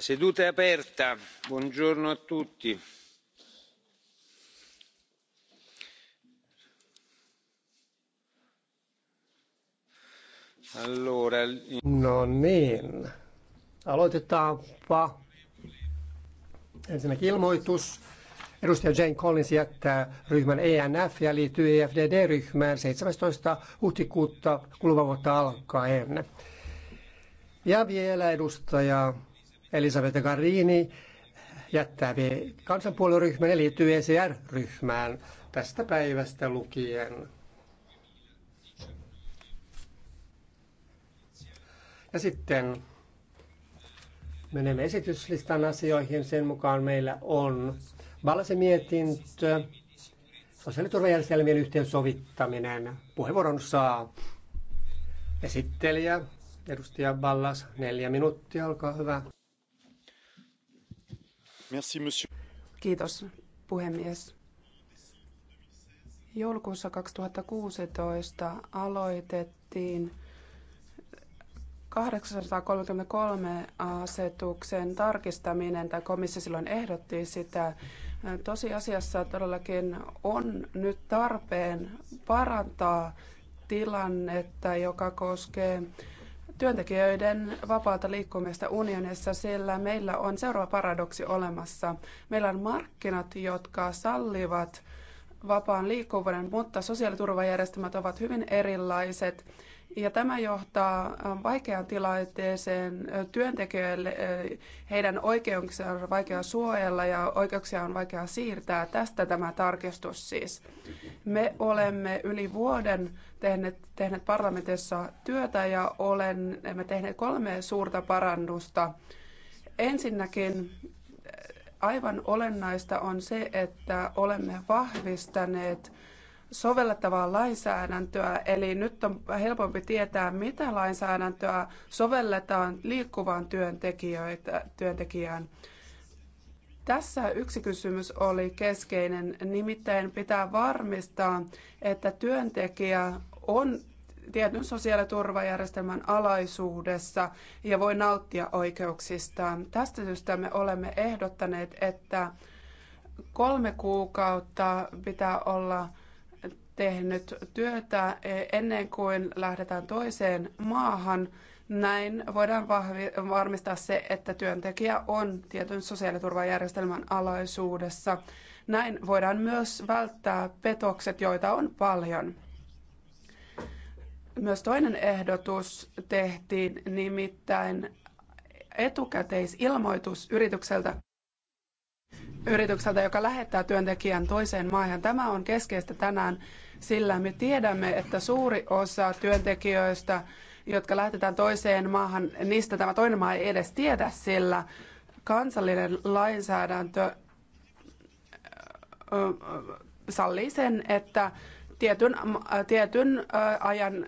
la seduta è aperta buongiorno a tutti. Allora... No niin, aloitetaanpa. Ensinnäkin ilmoitus. Edustaja Jane Collins jättää ryhmän ENF ja liittyy EFDD-ryhmään 17. huhtikuuta kuluvaa vuotta alkaen. Ja vielä edustaja Elisabetta Garini jättää kansanpuolueryhmän ja liittyy ECR-ryhmään tästä päivästä lukien. Ja sitten menemme esityslistan asioihin. Sen mukaan meillä on Vallasen mietintö, sosiaaliturvajärjestelmien yhteensovittaminen. Puheenvuoron saa esittelijä, edustaja Ballas, neljä minuuttia, olkaa hyvä. Kiitos, puhemies. Joulukuussa 2016 aloitettiin 833 asetuksen tarkistaminen, tai komissio silloin ehdotti sitä. Tosiasiassa todellakin on nyt tarpeen parantaa tilannetta, joka koskee työntekijöiden vapaata liikkumista unionissa, sillä meillä on seuraava paradoksi olemassa. Meillä on markkinat, jotka sallivat vapaan liikkuvuuden, mutta sosiaaliturvajärjestelmät ovat hyvin erilaiset ja tämä johtaa äh, vaikeaan tilanteeseen äh, työntekijöille. Äh, heidän oikeuksiaan on vaikea suojella ja oikeuksia on vaikea siirtää. Tästä tämä tarkistus siis. Me olemme yli vuoden tehneet, tehneet parlamentissa työtä ja olemme tehneet kolme suurta parannusta. Ensinnäkin aivan olennaista on se, että olemme vahvistaneet sovellettavaa lainsäädäntöä, eli nyt on helpompi tietää, mitä lainsäädäntöä sovelletaan liikkuvaan työntekijään. Tässä yksi kysymys oli keskeinen, nimittäin pitää varmistaa, että työntekijä on tietyn sosiaaliturvajärjestelmän alaisuudessa ja voi nauttia oikeuksistaan. Tästä syystä me olemme ehdottaneet, että kolme kuukautta pitää olla tehnyt työtä e, ennen kuin lähdetään toiseen maahan. Näin voidaan varmistaa se, että työntekijä on tietyn sosiaaliturvajärjestelmän alaisuudessa. Näin voidaan myös välttää petokset, joita on paljon. Myös toinen ehdotus tehtiin, nimittäin etukäteisilmoitus yritykseltä, yritykseltä, joka lähettää työntekijän toiseen maahan. Tämä on keskeistä tänään sillä me tiedämme, että suuri osa työntekijöistä, jotka lähetetään toiseen maahan, niistä tämä toinen maa ei edes tiedä, sillä kansallinen lainsäädäntö sallii sen, että tietyn, tietyn ajan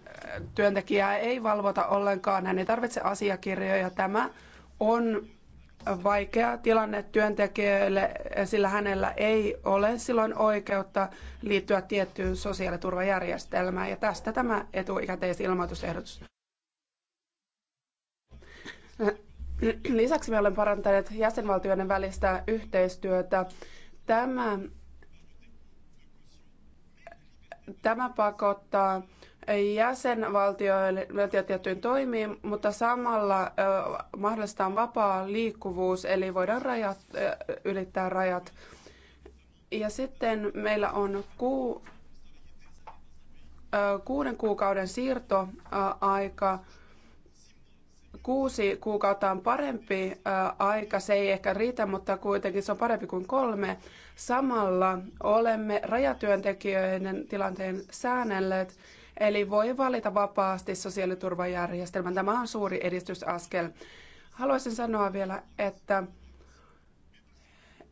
työntekijää ei valvota ollenkaan, hän ei tarvitse asiakirjoja. Tämä on vaikea tilanne työntekijöille, sillä hänellä ei ole silloin oikeutta liittyä tiettyyn sosiaaliturvajärjestelmään. Ja tästä tämä etuikäteisilmoitusehdotus. Lisäksi me olemme parantaneet jäsenvaltioiden välistä yhteistyötä. Tämä, tämä pakottaa jäsenvaltioille tiettyyn toimiin, mutta samalla mahdollistaa vapaa liikkuvuus, eli voidaan rajat, ylittää rajat. Ja sitten meillä on ku, kuuden kuukauden siirtoaika. Kuusi kuukautta on parempi aika, se ei ehkä riitä, mutta kuitenkin se on parempi kuin kolme. Samalla olemme rajatyöntekijöiden tilanteen säännelleet eli voi valita vapaasti sosiaaliturvajärjestelmän. Tämä on suuri edistysaskel. Haluaisin sanoa vielä, että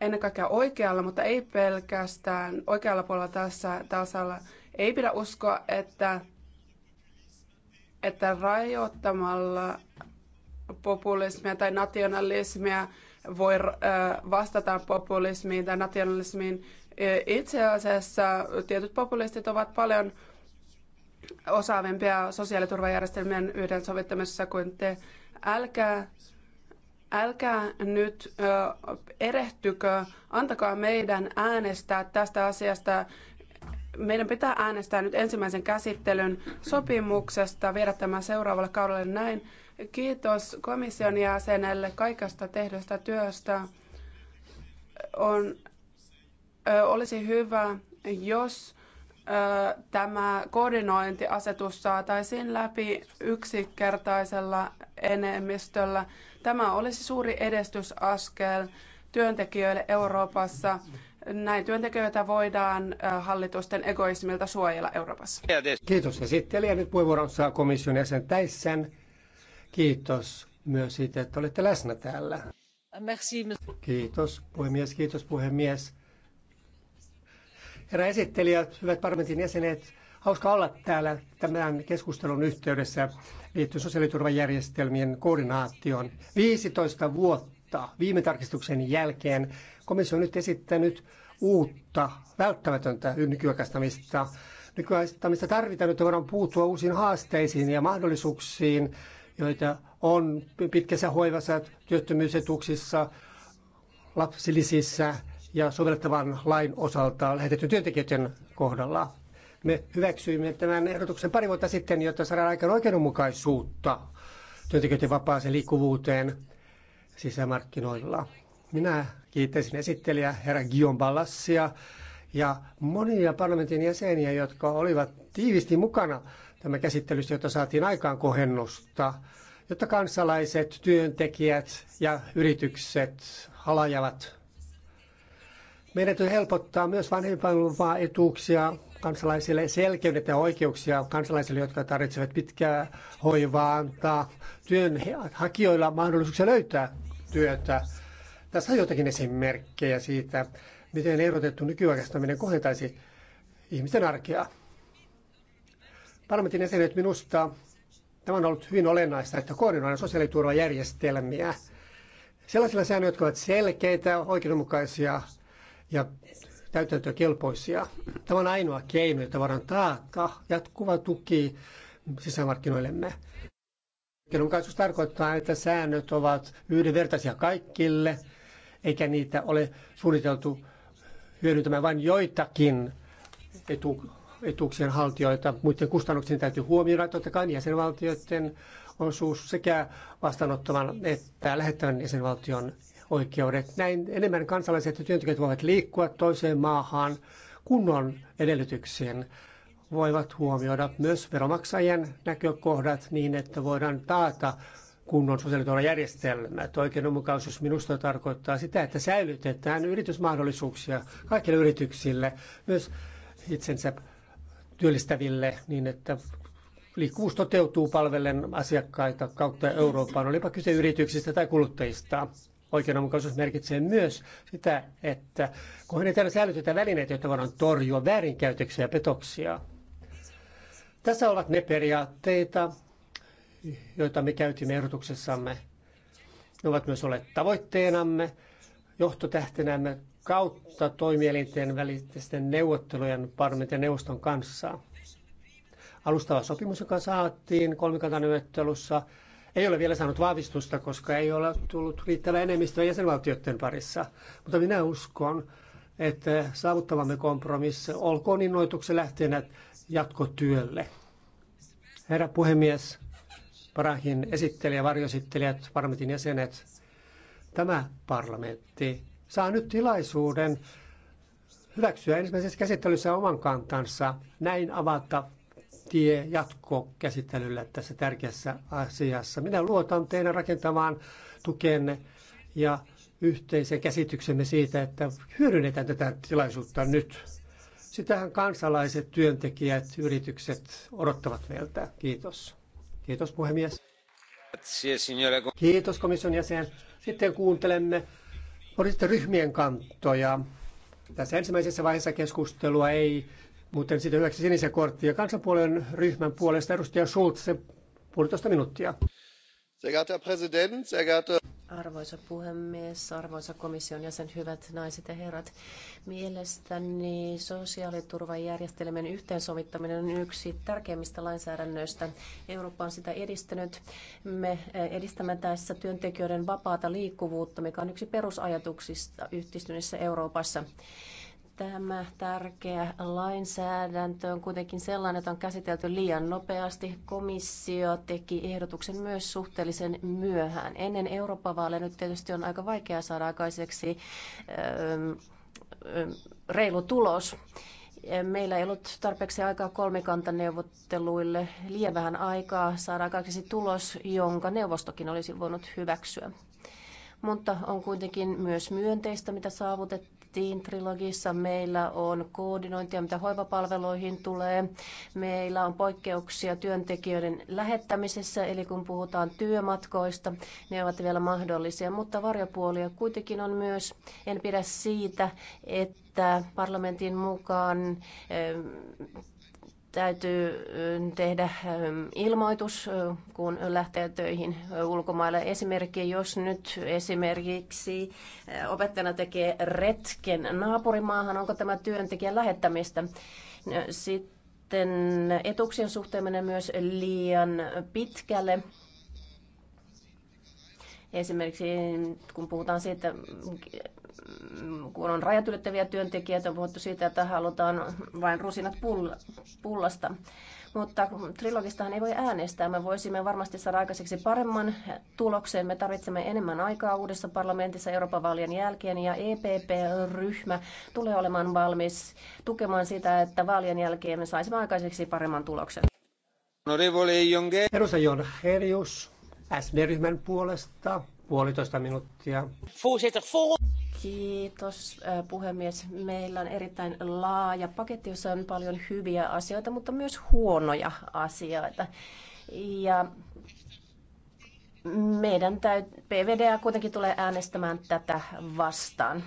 ennen kaikkea oikealla, mutta ei pelkästään oikealla puolella tässä tasalla, ei pidä uskoa, että, että rajoittamalla populismia tai nationalismia voi äh, vastata populismiin tai nationalismiin. Äh, itse asiassa tietyt populistit ovat paljon osaavimpia sosiaaliturvajärjestelmien yhdensovittamisessa kuin te. Älkää, älkää nyt ö, erehtykö, antakaa meidän äänestää tästä asiasta. Meidän pitää äänestää nyt ensimmäisen käsittelyn sopimuksesta, viedä tämä seuraavalle kaudelle näin. Kiitos komission jäsenelle kaikesta tehdystä työstä. On, ö, olisi hyvä, jos tämä koordinointiasetus saataisiin läpi yksinkertaisella enemmistöllä. Tämä olisi suuri edistysaskel työntekijöille Euroopassa. Näin työntekijöitä voidaan hallitusten egoismilta suojella Euroopassa. Kiitos esittelijä. Nyt puheenvuoron saa komission jäsen Täissän. Kiitos myös siitä, että olette läsnä täällä. Kiitos puhemies, kiitos puhemies. Herra esittelijä, hyvät parlamentin jäsenet, hauska olla täällä tämän keskustelun yhteydessä liittyen sosiaaliturvajärjestelmien koordinaation. 15 vuotta viime tarkistuksen jälkeen komissio on nyt esittänyt uutta, välttämätöntä nykyaikaistamista. Nykyaikaistamista tarvitaan, että voidaan puuttua uusiin haasteisiin ja mahdollisuuksiin, joita on pitkässä hoivassa, työttömyysetuuksissa, lapsilisissä – ja sovellettavan lain osalta lähetetty työntekijöiden kohdalla. Me hyväksyimme tämän ehdotuksen pari vuotta sitten, jotta saadaan aikaan oikeudenmukaisuutta työntekijöiden vapaaseen liikkuvuuteen sisämarkkinoilla. Minä kiittäisin esittelijä herra Guillaume Ballassia ja monia parlamentin jäseniä, jotka olivat tiivisti mukana tämä käsittelyssä, jotta saatiin aikaan kohennusta, jotta kansalaiset, työntekijät ja yritykset halajavat meidän täytyy helpottaa myös vanhempainluvaa etuuksia kansalaisille, selkeydet ja oikeuksia kansalaisille, jotka tarvitsevat pitkää hoivaa, antaa työnhakijoilla mahdollisuuksia löytää työtä. Tässä on jotakin esimerkkejä siitä, miten ehdotettu nykyaikaistaminen kohentaisi ihmisten arkea. Parlamentin jäsenet minusta tämä on ollut hyvin olennaista, että koordinoidaan sosiaaliturvajärjestelmiä sellaisilla säännöillä, jotka ovat selkeitä, oikeudenmukaisia ja täytäntökelpoisia. Tämä on ainoa keino, jota voidaan taata jatkuva tuki sisämarkkinoillemme. Oikeudenmukaisuus tarkoittaa, että säännöt ovat yhdenvertaisia kaikille, eikä niitä ole suunniteltu hyödyntämään vain joitakin etu, etuuksien haltijoita. Muiden kustannuksien täytyy huomioida totta kai jäsenvaltioiden osuus sekä vastaanottavan että lähettävän jäsenvaltion oikeudet. Näin enemmän kansalaiset ja työntekijät voivat liikkua toiseen maahan kunnon edellytyksiin. Voivat huomioida myös veromaksajien näkökohdat niin, että voidaan taata kunnon sosiaaliturvajärjestelmät. Oikeudenmukaisuus minusta tarkoittaa sitä, että säilytetään yritysmahdollisuuksia kaikille yrityksille, myös itsensä työllistäville, niin että liikkuvuus toteutuu palvellen asiakkaita kautta Euroopan, olipa kyse yrityksistä tai kuluttajista. Oikeudenmukaisuus merkitsee myös sitä, että täällä säilytetään välineitä, joita voidaan torjua väärinkäytöksiä ja petoksia. Tässä ovat ne periaatteita, joita me käytimme ehdotuksessamme. Ne ovat myös olleet tavoitteenamme, johtotähtenämme kautta toimielinten välisten neuvottelujen parlamentin neuvoston kanssa. Alustava sopimus, joka saatiin kolmikantaneuvottelussa, neuvottelussa, ei ole vielä saanut vahvistusta, koska ei ole tullut riittävää enemmistöä jäsenvaltioiden parissa. Mutta minä uskon, että saavuttavamme kompromissi olkoon innoituksen lähteenä jatkotyölle. Herra puhemies, Parahin esittelijä, varjoesittelijät, parlamentin jäsenet, tämä parlamentti saa nyt tilaisuuden hyväksyä ensimmäisessä käsittelyssä oman kantansa, näin avata tie jatkokäsittelylle tässä tärkeässä asiassa. Minä luotan teidän rakentamaan tukenne ja yhteisen käsityksemme siitä, että hyödynnetään tätä tilaisuutta nyt. Sitähän kansalaiset, työntekijät, yritykset odottavat meiltä. Kiitos. Kiitos puhemies. Kiitos komission jäsen. Sitten kuuntelemme poliittisten ryhmien kantoja. Tässä ensimmäisessä vaiheessa keskustelua ei Muuten sitä hyväksi sinisen korttia kansanpuolen ryhmän puolesta edustaja Schulz, puolitoista minuuttia. Arvoisa puhemies, arvoisa komission jäsen, hyvät naiset ja herrat. Mielestäni sosiaaliturvajärjestelmän yhteensovittaminen on yksi tärkeimmistä lainsäädännöistä. Eurooppa on sitä edistänyt. Me eh, edistämme tässä työntekijöiden vapaata liikkuvuutta, mikä on yksi perusajatuksista yhteistyössä Euroopassa. Tämä tärkeä lainsäädäntö on kuitenkin sellainen, että on käsitelty liian nopeasti. Komissio teki ehdotuksen myös suhteellisen myöhään. Ennen Euroopan vaaleja nyt tietysti on aika vaikea saada aikaiseksi ähm, ähm, reilu tulos. Meillä ei ollut tarpeeksi aikaa kolmikantaneuvotteluille, liian vähän aikaa saada aikaiseksi tulos, jonka neuvostokin olisi voinut hyväksyä. Mutta on kuitenkin myös myönteistä, mitä saavutettiin tehtiin trilogissa. Meillä on koordinointia, mitä hoivapalveluihin tulee. Meillä on poikkeuksia työntekijöiden lähettämisessä, eli kun puhutaan työmatkoista, ne ovat vielä mahdollisia. Mutta varjopuolia kuitenkin on myös, en pidä siitä, että parlamentin mukaan täytyy tehdä ilmoitus, kun lähtee töihin ulkomaille. Esimerkiksi jos nyt esimerkiksi opettajana tekee retken naapurimaahan, onko tämä työntekijän lähettämistä? Sitten etuuksien suhteen menee myös liian pitkälle. Esimerkiksi kun puhutaan siitä, kun on rajat ylittäviä työntekijöitä, on puhuttu siitä, että halutaan vain rusinat pullasta. Mutta trilogistahan ei voi äänestää. Me voisimme varmasti saada aikaiseksi paremman tuloksen. Me tarvitsemme enemmän aikaa uudessa parlamentissa Euroopan vaalien jälkeen ja EPP-ryhmä tulee olemaan valmis tukemaan sitä, että vaalien jälkeen me saisimme aikaiseksi paremman tuloksen. Edustaja Jon Herius, SD-ryhmän puolesta puolitoista minuuttia. Voorzitter, voor... Kiitos puhemies. Meillä on erittäin laaja paketti, jossa on paljon hyviä asioita, mutta myös huonoja asioita. Ja meidän täyt- PVDA kuitenkin tulee äänestämään tätä vastaan.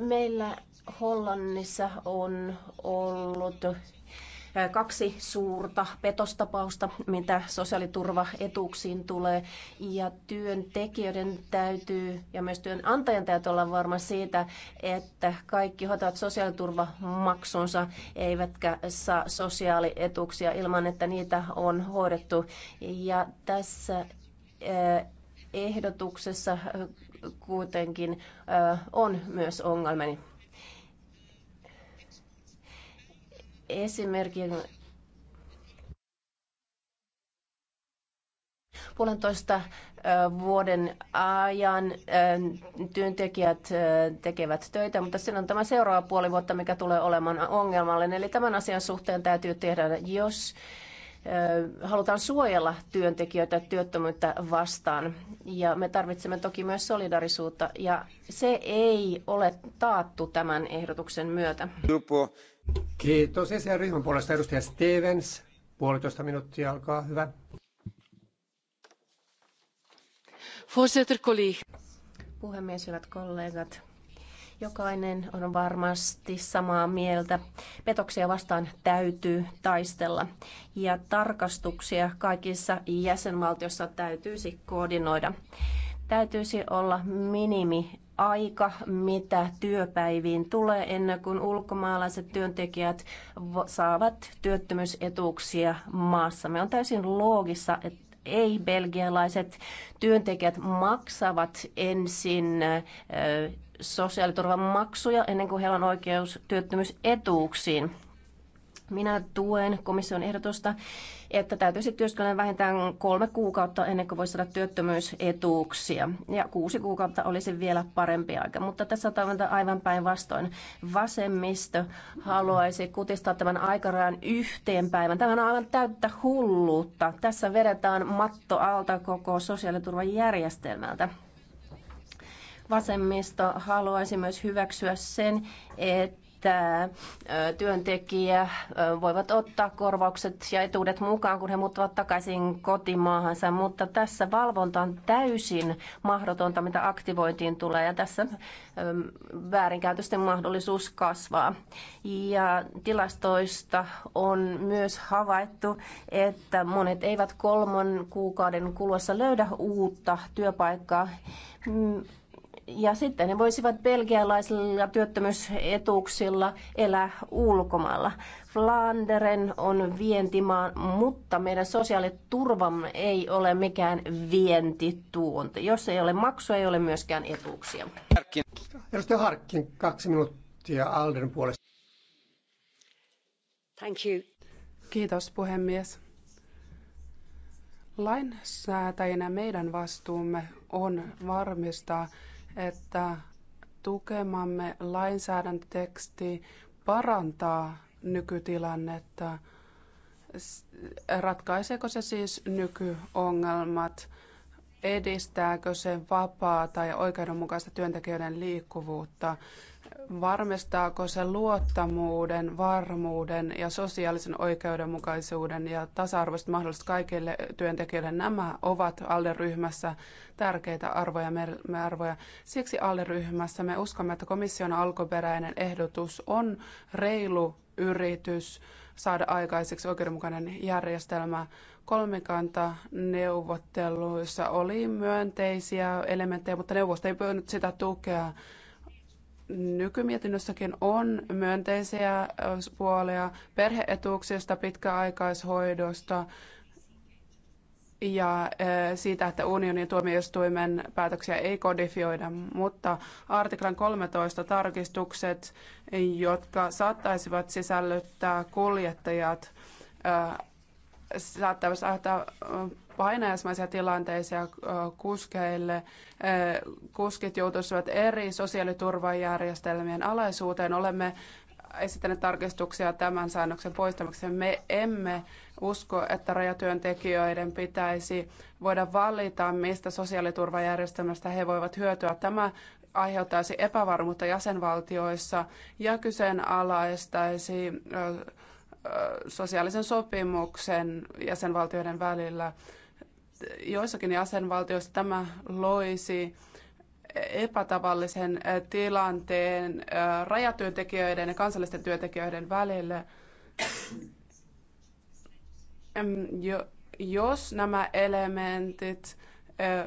Meillä Hollannissa on ollut kaksi suurta petostapausta, mitä sosiaaliturvaetuuksiin tulee. Ja työntekijöiden täytyy ja myös työnantajan täytyy olla varma siitä, että kaikki hoitavat sosiaaliturvamaksunsa eivätkä saa sosiaalietuuksia ilman, että niitä on hoidettu. Ja tässä ehdotuksessa kuitenkin on myös ongelmani. esimerkin puolentoista vuoden ajan työntekijät tekevät töitä, mutta on tämä seuraava puoli vuotta, mikä tulee olemaan ongelmallinen. Eli tämän asian suhteen täytyy tehdä, jos halutaan suojella työntekijöitä työttömyyttä vastaan. Ja me tarvitsemme toki myös solidarisuutta, ja se ei ole taattu tämän ehdotuksen myötä. Kiitos. Esian ryhmän puolesta edustaja Stevens. Puolitoista minuuttia, alkaa hyvä. Puhemies, hyvät kollegat. Jokainen on varmasti samaa mieltä. Petoksia vastaan täytyy taistella ja tarkastuksia kaikissa jäsenvaltioissa täytyisi koordinoida. Täytyisi olla minimi aika, mitä työpäiviin tulee ennen kuin ulkomaalaiset työntekijät saavat työttömyysetuuksia Me On täysin loogissa, että ei-belgialaiset työntekijät maksavat ensin sosiaaliturvan maksuja ennen kuin heillä on oikeus työttömyysetuuksiin. Minä tuen komission ehdotusta, että täytyisi työskennellä vähintään kolme kuukautta ennen kuin voi saada työttömyysetuuksia. Ja kuusi kuukautta olisi vielä parempi aika, mutta tässä on aivan päinvastoin. Vasemmisto haluaisi kutistaa tämän aikarajan yhteen päivän. Tämä on aivan täyttä hulluutta. Tässä vedetään matto alta koko sosiaaliturvajärjestelmältä. Vasemmisto haluaisi myös hyväksyä sen, että työntekijä voivat ottaa korvaukset ja etuudet mukaan, kun he muuttavat takaisin kotimaahansa, mutta tässä valvonta on täysin mahdotonta, mitä aktivointiin tulee, ja tässä väärinkäytösten mahdollisuus kasvaa. Ja tilastoista on myös havaittu, että monet eivät kolman kuukauden kuluessa löydä uutta työpaikkaa. Mm, ja sitten ne voisivat belgialaisilla työttömyysetuuksilla elää ulkomailla. Flanderen on vientimaa, mutta meidän sosiaaliturvamme ei ole mikään vientituonti. Jos ei ole maksua, ei ole myöskään etuuksia. Harkin. Edustaja Harkkin, kaksi minuuttia Alden puolesta. Thank you. Kiitos puhemies. Lainsäätäjinä meidän vastuumme on varmistaa, että tukemamme lainsäädäntöteksti parantaa nykytilannetta. Ratkaiseeko se siis nykyongelmat? Edistääkö se vapaata ja oikeudenmukaista työntekijöiden liikkuvuutta? varmistaako se luottamuuden, varmuuden ja sosiaalisen oikeudenmukaisuuden ja tasa-arvoiset mahdollisuudet kaikille työntekijöille. Nämä ovat ALDE-ryhmässä tärkeitä arvoja, me arvoja. Siksi ALDE-ryhmässä me uskomme, että komission alkuperäinen ehdotus on reilu yritys saada aikaiseksi oikeudenmukainen järjestelmä. Kolmikanta neuvotteluissa oli myönteisiä elementtejä, mutta neuvosto ei pyynyt sitä tukea nykymietinnössäkin on myönteisiä puolia perheetuuksista, pitkäaikaishoidosta ja e, siitä, että unionin tuomioistuimen päätöksiä ei kodifioida, mutta artiklan 13 tarkistukset, jotka saattaisivat sisällyttää kuljettajat, saattavat e, saattaa painajaismaisia tilanteisia kuskeille. Kuskit joutuisivat eri sosiaaliturvajärjestelmien alaisuuteen. Olemme esittäneet tarkistuksia tämän säännöksen poistamiseksi. Me emme usko, että rajatyöntekijöiden pitäisi voida valita, mistä sosiaaliturvajärjestelmästä he voivat hyötyä. Tämä aiheuttaisi epävarmuutta jäsenvaltioissa ja kyseenalaistaisi sosiaalisen sopimuksen jäsenvaltioiden välillä joissakin jäsenvaltioissa tämä loisi epätavallisen tilanteen rajatyöntekijöiden ja kansallisten työntekijöiden välille. Jos nämä elementit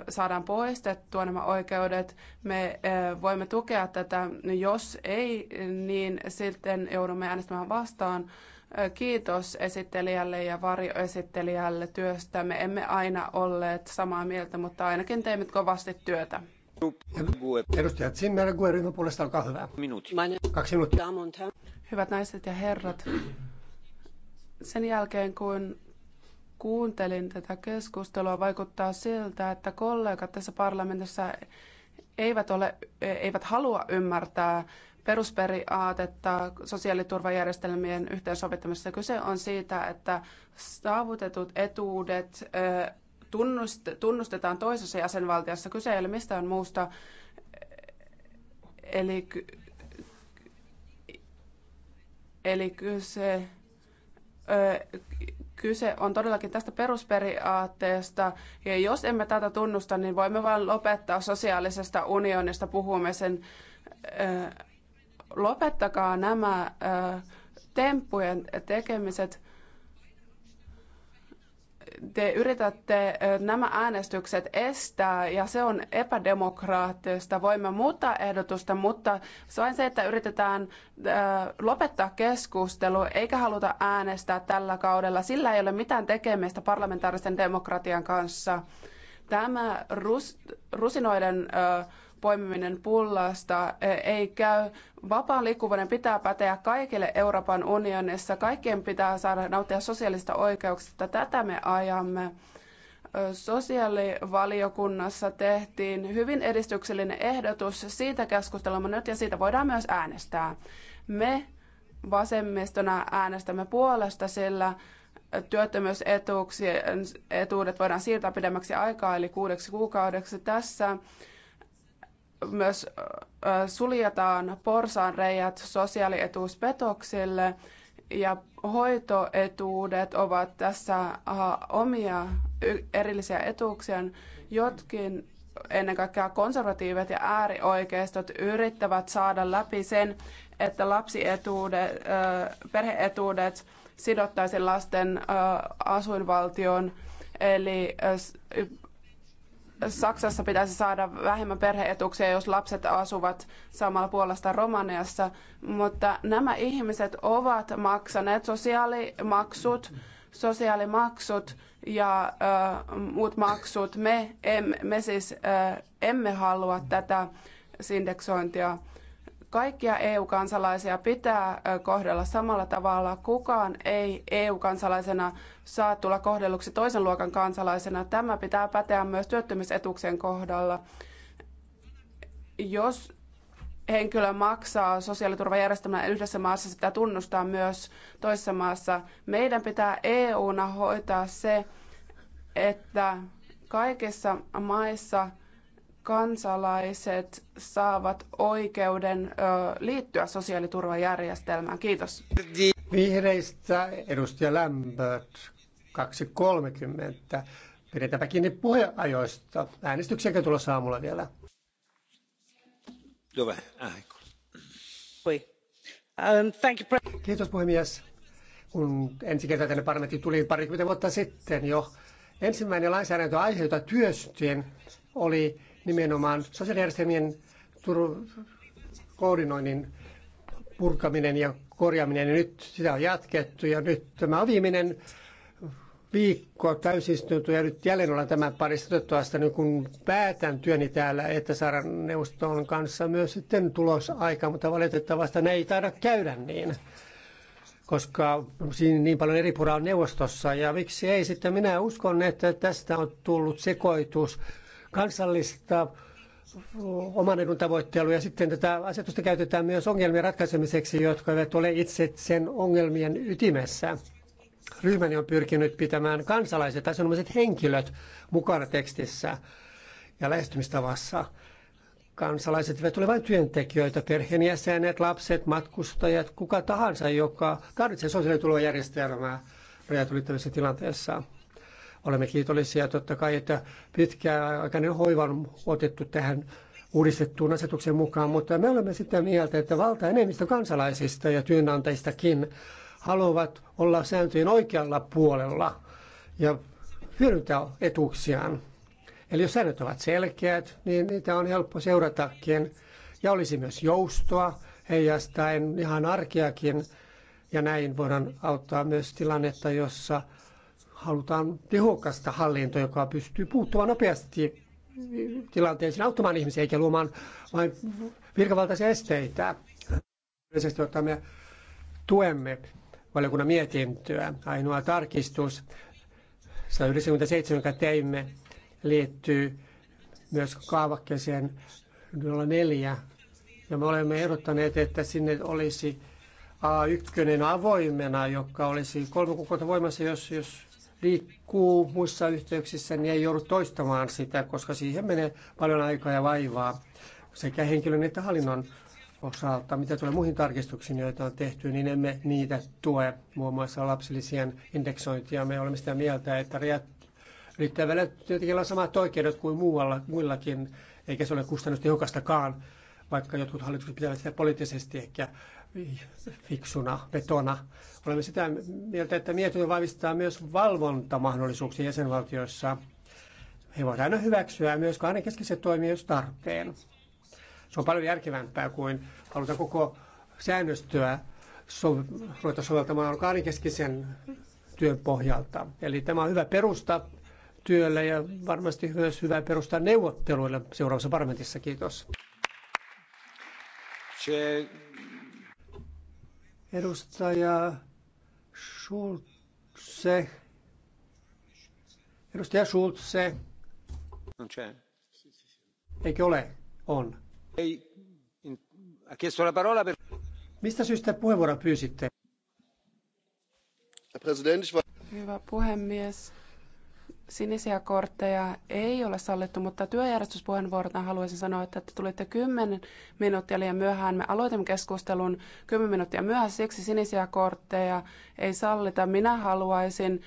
saadaan poistettua nämä oikeudet, me voimme tukea tätä. Jos ei, niin sitten joudumme äänestämään vastaan. Kiitos esittelijälle ja varjoesittelijälle työstä. Me emme aina olleet samaa mieltä, mutta ainakin teimme kovasti työtä. Edustaja Zimmer, gue puolesta, olkaa hyvä. Minuutti. Kaksi minuuttia. Hyvät naiset ja herrat, sen jälkeen kun kuuntelin tätä keskustelua, vaikuttaa siltä, että kollegat tässä parlamentissa eivät, ole, eivät halua ymmärtää perusperiaatetta sosiaaliturvajärjestelmien yhteensovittamisessa. Kyse on siitä, että saavutetut etuudet tunnustetaan toisessa jäsenvaltiossa. Kyse ei ole mistään muusta. Eli, eli kyse, kyse on todellakin tästä perusperiaatteesta. Ja jos emme tätä tunnusta, niin voimme vain lopettaa sosiaalisesta unionista puhumisen. Lopettakaa nämä temppujen tekemiset. Te yritätte nämä äänestykset estää ja se on epädemokraattista. Voimme muuttaa ehdotusta, mutta se on se, että yritetään lopettaa keskustelu eikä haluta äänestää tällä kaudella. Sillä ei ole mitään tekemistä parlamentaarisen demokratian kanssa. Tämä rus, rusinoiden poimiminen pullasta e, ei käy. Vapaan liikkuvuuden pitää päteä kaikille Euroopan unionissa. Kaikkien pitää saada nauttia sosiaalista oikeuksista. Tätä me ajamme. Sosiaalivaliokunnassa tehtiin hyvin edistyksellinen ehdotus. Siitä keskustelemme nyt ja siitä voidaan myös äänestää. Me vasemmistona äänestämme puolesta, sillä työttömyysetuudet voidaan siirtää pidemmäksi aikaa, eli kuudeksi kuukaudeksi. Tässä myös suljetaan porsaanreijät sosiaalietuuspetoksille ja hoitoetuudet ovat tässä omia erillisiä etuuksia. Jotkin, ennen kaikkea konservatiivet ja äärioikeistot, yrittävät saada läpi sen, että lapsietuudet, perheetuudet sidottaisiin lasten asuinvaltioon. Eli Saksassa pitäisi saada vähemmän perheetuksia, jos lapset asuvat samalla puolesta Romaniassa, mutta nämä ihmiset ovat maksaneet sosiaalimaksut, sosiaalimaksut ja muut maksut. Me, em, me siis emme halua tätä indeksointia. Kaikkia EU-kansalaisia pitää kohdella samalla tavalla. Kukaan ei EU-kansalaisena saa tulla kohdelluksi toisen luokan kansalaisena. Tämä pitää päteä myös työttömyysetuuksien kohdalla. Jos henkilö maksaa sosiaaliturvajärjestelmän yhdessä maassa, sitä tunnustaa myös toisessa maassa. Meidän pitää EU-na hoitaa se, että kaikissa maissa – kansalaiset saavat oikeuden ö, liittyä sosiaaliturvajärjestelmään. Kiitos. Vihreistä edustaja Lämpöt, 2.30. Pidetäänpä kiinni puheajoista. Äänestyksiäkö tulossa aamulla vielä? Hyvä. Äh, ähm, Kiitos puhemies. Kun ensi kertaa tänne parlamenttiin tuli parikymmentä vuotta sitten jo, ensimmäinen lainsäädäntöaihe, jota työstin, oli nimenomaan sosiaalijärjestelmien tur- koordinoinnin purkaminen ja korjaaminen. Ja nyt sitä on jatkettu ja nyt tämä on viimeinen viikko täysistunto ja nyt jälleen ollaan tämän parissa. Toivottavasti niin kun päätän työni täällä, että saadaan neuvoston kanssa myös sitten tulos aika, mutta valitettavasti ne ei taida käydä niin koska siinä niin paljon eri puraa on neuvostossa. Ja miksi ei sitten? Minä uskon, että tästä on tullut sekoitus kansallista oman edun tavoittelua ja sitten tätä asetusta käytetään myös ongelmien ratkaisemiseksi, jotka eivät ole itse sen ongelmien ytimessä. Ryhmäni on pyrkinyt pitämään kansalaiset asianomaiset henkilöt mukana tekstissä ja lähestymistavassa. Kansalaiset eivät ole vain työntekijöitä, perheenjäsenet, lapset, matkustajat, kuka tahansa, joka tarvitsee sosiaaliturvajärjestelmää rajat ylittävissä tilanteessa. Olemme kiitollisia totta kai, että pitkäaikainen hoiva on otettu tähän uudistettuun asetuksen mukaan, mutta me olemme sitä mieltä, että enemmistö kansalaisista ja työnantajistakin haluavat olla sääntöjen oikealla puolella ja hyödyntää etuuksiaan. Eli jos säännöt ovat selkeät, niin niitä on helppo seuratakin ja olisi myös joustoa heijastaen ihan arkeakin. Ja näin voidaan auttaa myös tilannetta, jossa halutaan tehokasta hallintoa, joka pystyy puuttumaan nopeasti tilanteisiin, auttamaan ihmisiä eikä luomaan vain virkavaltaisia esteitä. Yleisesti ottaen me tuemme valiokunnan mietintöä. Ainoa tarkistus 197, jonka teimme, liittyy myös kaavakkeeseen 04. Ja me olemme ehdottaneet, että sinne olisi A1 avoimena, joka olisi kolme kuukautta voimassa, jos, jos liikkuu muissa yhteyksissä, niin ei joudu toistamaan sitä, koska siihen menee paljon aikaa ja vaivaa sekä henkilön että hallinnon osalta. Mitä tulee muihin tarkistuksiin, joita on tehty, niin emme niitä tue. Muun muassa lapsilisien indeksointia. Me olemme sitä mieltä, että riittävällä tietenkin on samat oikeudet kuin muualla, muillakin, eikä se ole kustannustehokastakaan, vaikka jotkut hallitukset pitävät sitä poliittisesti ehkä fiksuna vetona. Olemme sitä mieltä, että mietintö vahvistaa myös valvontamahdollisuuksia jäsenvaltioissa. He voivat aina hyväksyä myös keskeiset toimia, jos tarpeen. Se on paljon järkevämpää kuin halutaan koko säännöstöä sov- ruveta soveltamaan kahdenkeskisen työn pohjalta. Eli tämä on hyvä perusta työlle ja varmasti myös hyvä perusta neuvotteluille seuraavassa parlamentissa. Kiitos. Se Edustaja Schulze. Edustaja Schulze. Non c'è. Eikö ole? On. Ei. Ha chiesto la parola per... Mistä syystä puheenvuoron pyysitte? Hyvä puhemies sinisiä kortteja ei ole sallittu, mutta työjärjestyspuheenvuorona haluaisin sanoa, että te tulitte 10 minuuttia liian myöhään. Me aloitimme keskustelun 10 minuuttia myöhään, siksi sinisiä kortteja ei sallita. Minä haluaisin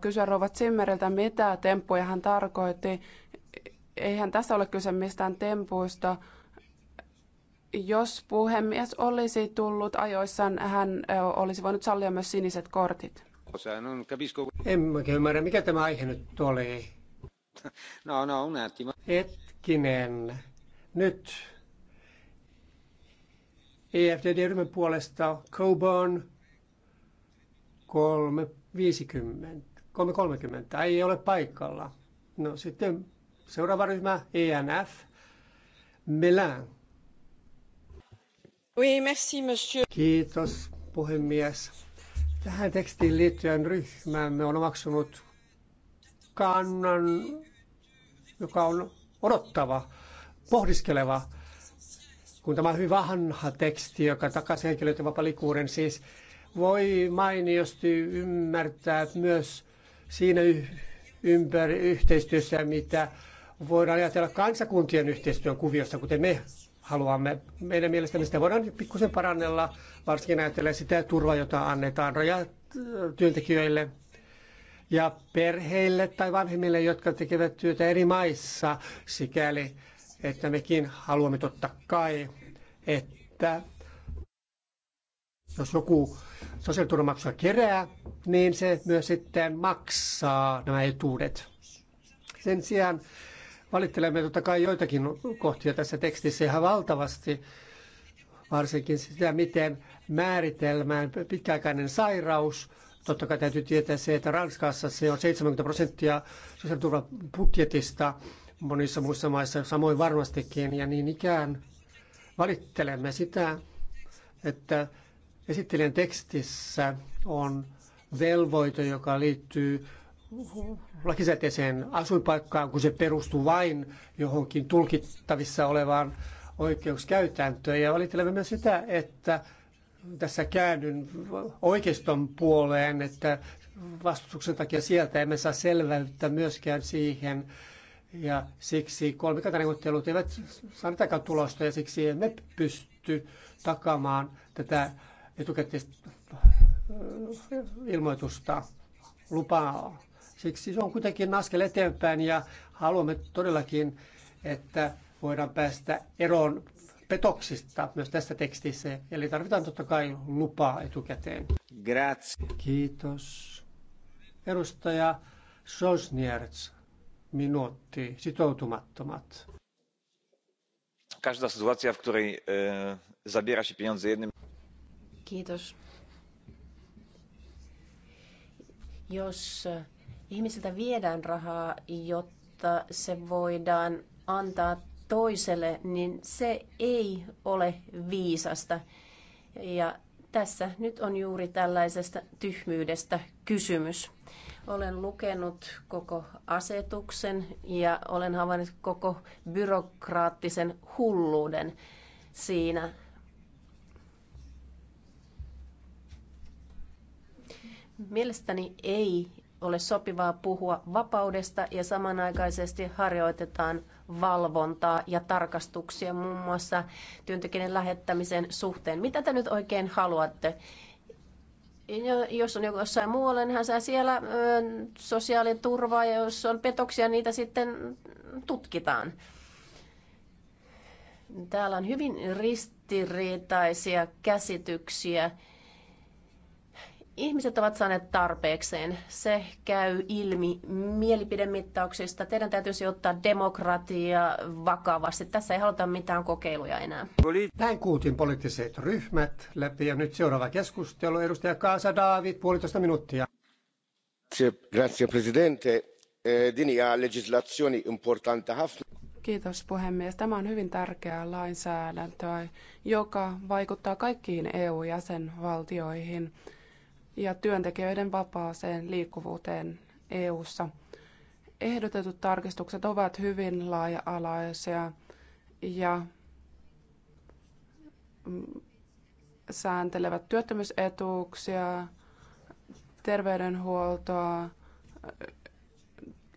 kysyä Rouva Zimmeriltä, mitä temppuja hän tarkoitti. Eihän tässä ole kyse mistään tempuista. Jos puhemies olisi tullut ajoissaan, hän olisi voinut sallia myös siniset kortit. En oikein ymmärrä, mikä tämä aihe nyt oli. No, no, un attimo. Hetkinen. Nyt EFD-ryhmän puolesta Coburn 350. 330. Ei ole paikalla. No sitten seuraava ryhmä ENF. Melan. Oui, merci, monsieur. Kiitos, puhemies Tähän tekstiin liittyen ryhmämme on omaksunut kannan, joka on odottava, pohdiskeleva, kun tämä on hyvin vanha teksti, joka takaisin henkilöiden vapalikuuden siis, voi mainiosti ymmärtää myös siinä ympäri yhteistyössä, mitä voidaan ajatella kansakuntien yhteistyön kuviosta, kuten me haluamme. Meidän mielestämme sitä voidaan pikkusen parannella, varsinkin ajatellen sitä turvaa, jota annetaan rajatyöntekijöille ja perheille tai vanhemmille, jotka tekevät työtä eri maissa, sikäli että mekin haluamme totta kai, että jos joku sosiaaliturvamaksua kerää, niin se myös sitten maksaa nämä etuudet. Sen sijaan Valittelemme totta kai joitakin kohtia tässä tekstissä ihan valtavasti, varsinkin sitä, miten määritelmään pitkäaikainen sairaus. Totta kai täytyy tietää se, että Ranskassa se on 70 prosenttia sosiaaliturvan budjetista, monissa muissa maissa samoin varmastikin, ja niin ikään valittelemme sitä, että esittelijän tekstissä on velvoite, joka liittyy lakisääteiseen asuinpaikkaan, kun se perustuu vain johonkin tulkittavissa olevaan oikeuskäytäntöön. Ja valittelemme myös sitä, että tässä käännyn oikeiston puoleen, että vastustuksen takia sieltä emme saa selvyyttä myöskään siihen. Ja siksi kolmikantaneuvottelut eivät saa mitäkään tulosta ja siksi emme pysty takaamaan tätä etukäteistä äh, ilmoitusta lupaa Siksi se on kuitenkin askel eteenpäin ja haluamme todellakin, että voidaan päästä eroon petoksista myös tässä tekstissä. Eli tarvitaan totta kai lupaa etukäteen. Grazie. Kiitos. Edustaja Sosnierts, minuutti, sitoutumattomat. Każda sytuacja, w której e, zabiera się pieniądze jednym... Kiitos. Jos Ihmisiltä viedään rahaa, jotta se voidaan antaa toiselle, niin se ei ole viisasta. Ja tässä nyt on juuri tällaisesta tyhmyydestä kysymys. Olen lukenut koko asetuksen ja olen havainnut koko byrokraattisen hulluuden siinä. Mielestäni ei ole sopivaa puhua vapaudesta ja samanaikaisesti harjoitetaan valvontaa ja tarkastuksia muun muassa työntekijän lähettämisen suhteen. Mitä te nyt oikein haluatte? Jos on jossain muualla, niin hän saa siellä sosiaaliturvaa ja jos on petoksia, niitä sitten tutkitaan. Täällä on hyvin ristiriitaisia käsityksiä Ihmiset ovat saaneet tarpeekseen. Se käy ilmi mielipidemittauksista. Teidän täytyisi ottaa demokratia vakavasti. Tässä ei haluta mitään kokeiluja enää. Näin kuultiin poliittiset ryhmät läpi ja nyt seuraava keskustelu. Edustaja Kaasa David, puolitoista minuuttia. Grazie, presidente. Eh, Dinia legislazioni importante Kiitos puhemies. Tämä on hyvin tärkeää lainsäädäntöä, joka vaikuttaa kaikkiin EU-jäsenvaltioihin ja työntekijöiden vapaaseen liikkuvuuteen EU:ssa. Ehdotetut tarkistukset ovat hyvin laaja-alaisia ja mm, sääntelevät työttömyysetuuksia, terveydenhuoltoa,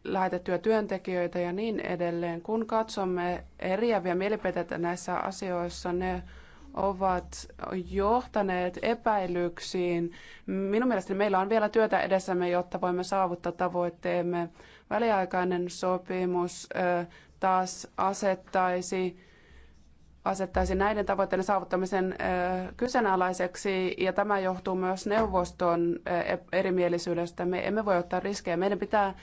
lähetettyä työntekijöitä ja niin edelleen. Kun katsomme eriäviä mielipiteitä näissä asioissa, ne ovat johtaneet epäilyksiin. Minun mielestäni meillä on vielä työtä edessämme, jotta voimme saavuttaa tavoitteemme. Väliaikainen sopimus taas asettaisi asettaisi näiden tavoitteiden saavuttamisen kyseenalaiseksi, ja tämä johtuu myös neuvoston e-, erimielisyydestä. Me emme voi ottaa riskejä. Meidän pitää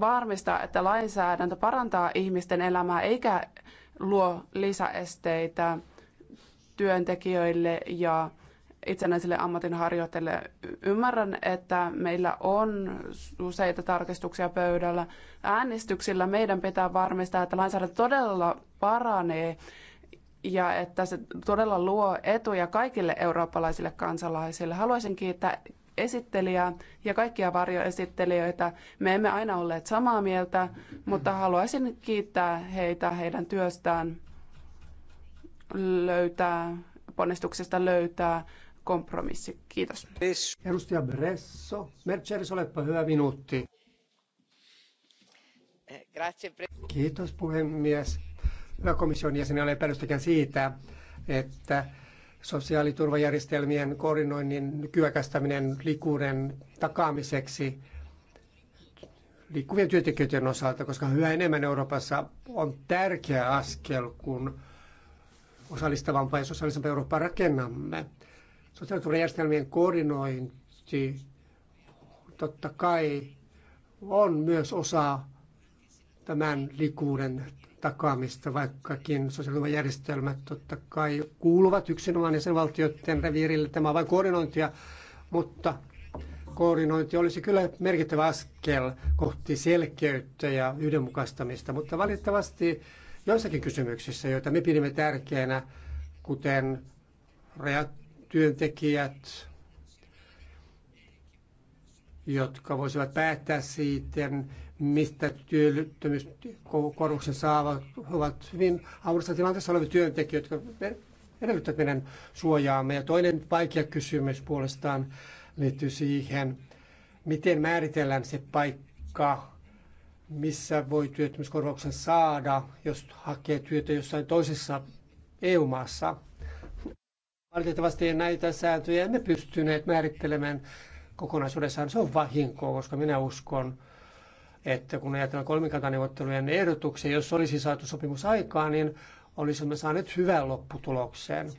varmistaa, että lainsäädäntö parantaa ihmisten elämää eikä luo lisäesteitä työntekijöille ja itsenäisille ammatinharjoittajille. Ymmärrän, että meillä on useita tarkistuksia pöydällä. Äänestyksillä meidän pitää varmistaa, että lainsäädäntö todella paranee ja että se todella luo etuja kaikille eurooppalaisille kansalaisille. Haluaisin kiittää esittelijää ja kaikkia varjoesittelijöitä. Me emme aina olleet samaa mieltä, mutta haluaisin kiittää heitä heidän työstään löytää, ponnistuksesta löytää kompromissi. Kiitos. Edustaja Bresso. Mercedes, olepa hyvä minuutti. Kiitos puhemies. Hyvä komission jäsen, olen epäilystäkään siitä, että sosiaaliturvajärjestelmien koordinoinnin nykyaikaistaminen liikkuuden takaamiseksi liikkuvien työntekijöiden osalta, koska hyvä enemmän Euroopassa on tärkeä askel, kun osallistavampaa ja sosiaalisempaa Eurooppaa rakennamme. Sosiaaliturvajärjestelmien koordinointi totta kai on myös osa tämän liikkuvuuden takaamista, vaikkakin sosiaaliturvajärjestelmät totta kai kuuluvat yksinomaan valtioiden reviirille. Tämä on vain koordinointia, mutta koordinointi olisi kyllä merkittävä askel kohti selkeyttä ja yhdenmukaistamista, mutta valitettavasti joissakin kysymyksissä, joita me pidimme tärkeänä, kuten rajatyöntekijät, jotka voisivat päättää siitä, mistä työlyttömyyskorvauksen saavat, ovat hyvin haurassa tilanteessa olevat työntekijät, jotka edellyttävät meidän suojaamme. Ja toinen vaikea kysymys puolestaan liittyy siihen, miten määritellään se paikka, missä voi työttömyyskorvauksen saada, jos hakee työtä jossain toisessa EU-maassa. Valitettavasti näitä sääntöjä emme pystyneet määrittelemään kokonaisuudessaan. Se on vahinkoa, koska minä uskon, että kun ajatellaan kolmikantaneuvottelujen ehdotuksia, jos olisi saatu sopimus aikaan, niin olisimme saaneet hyvän lopputulokseen.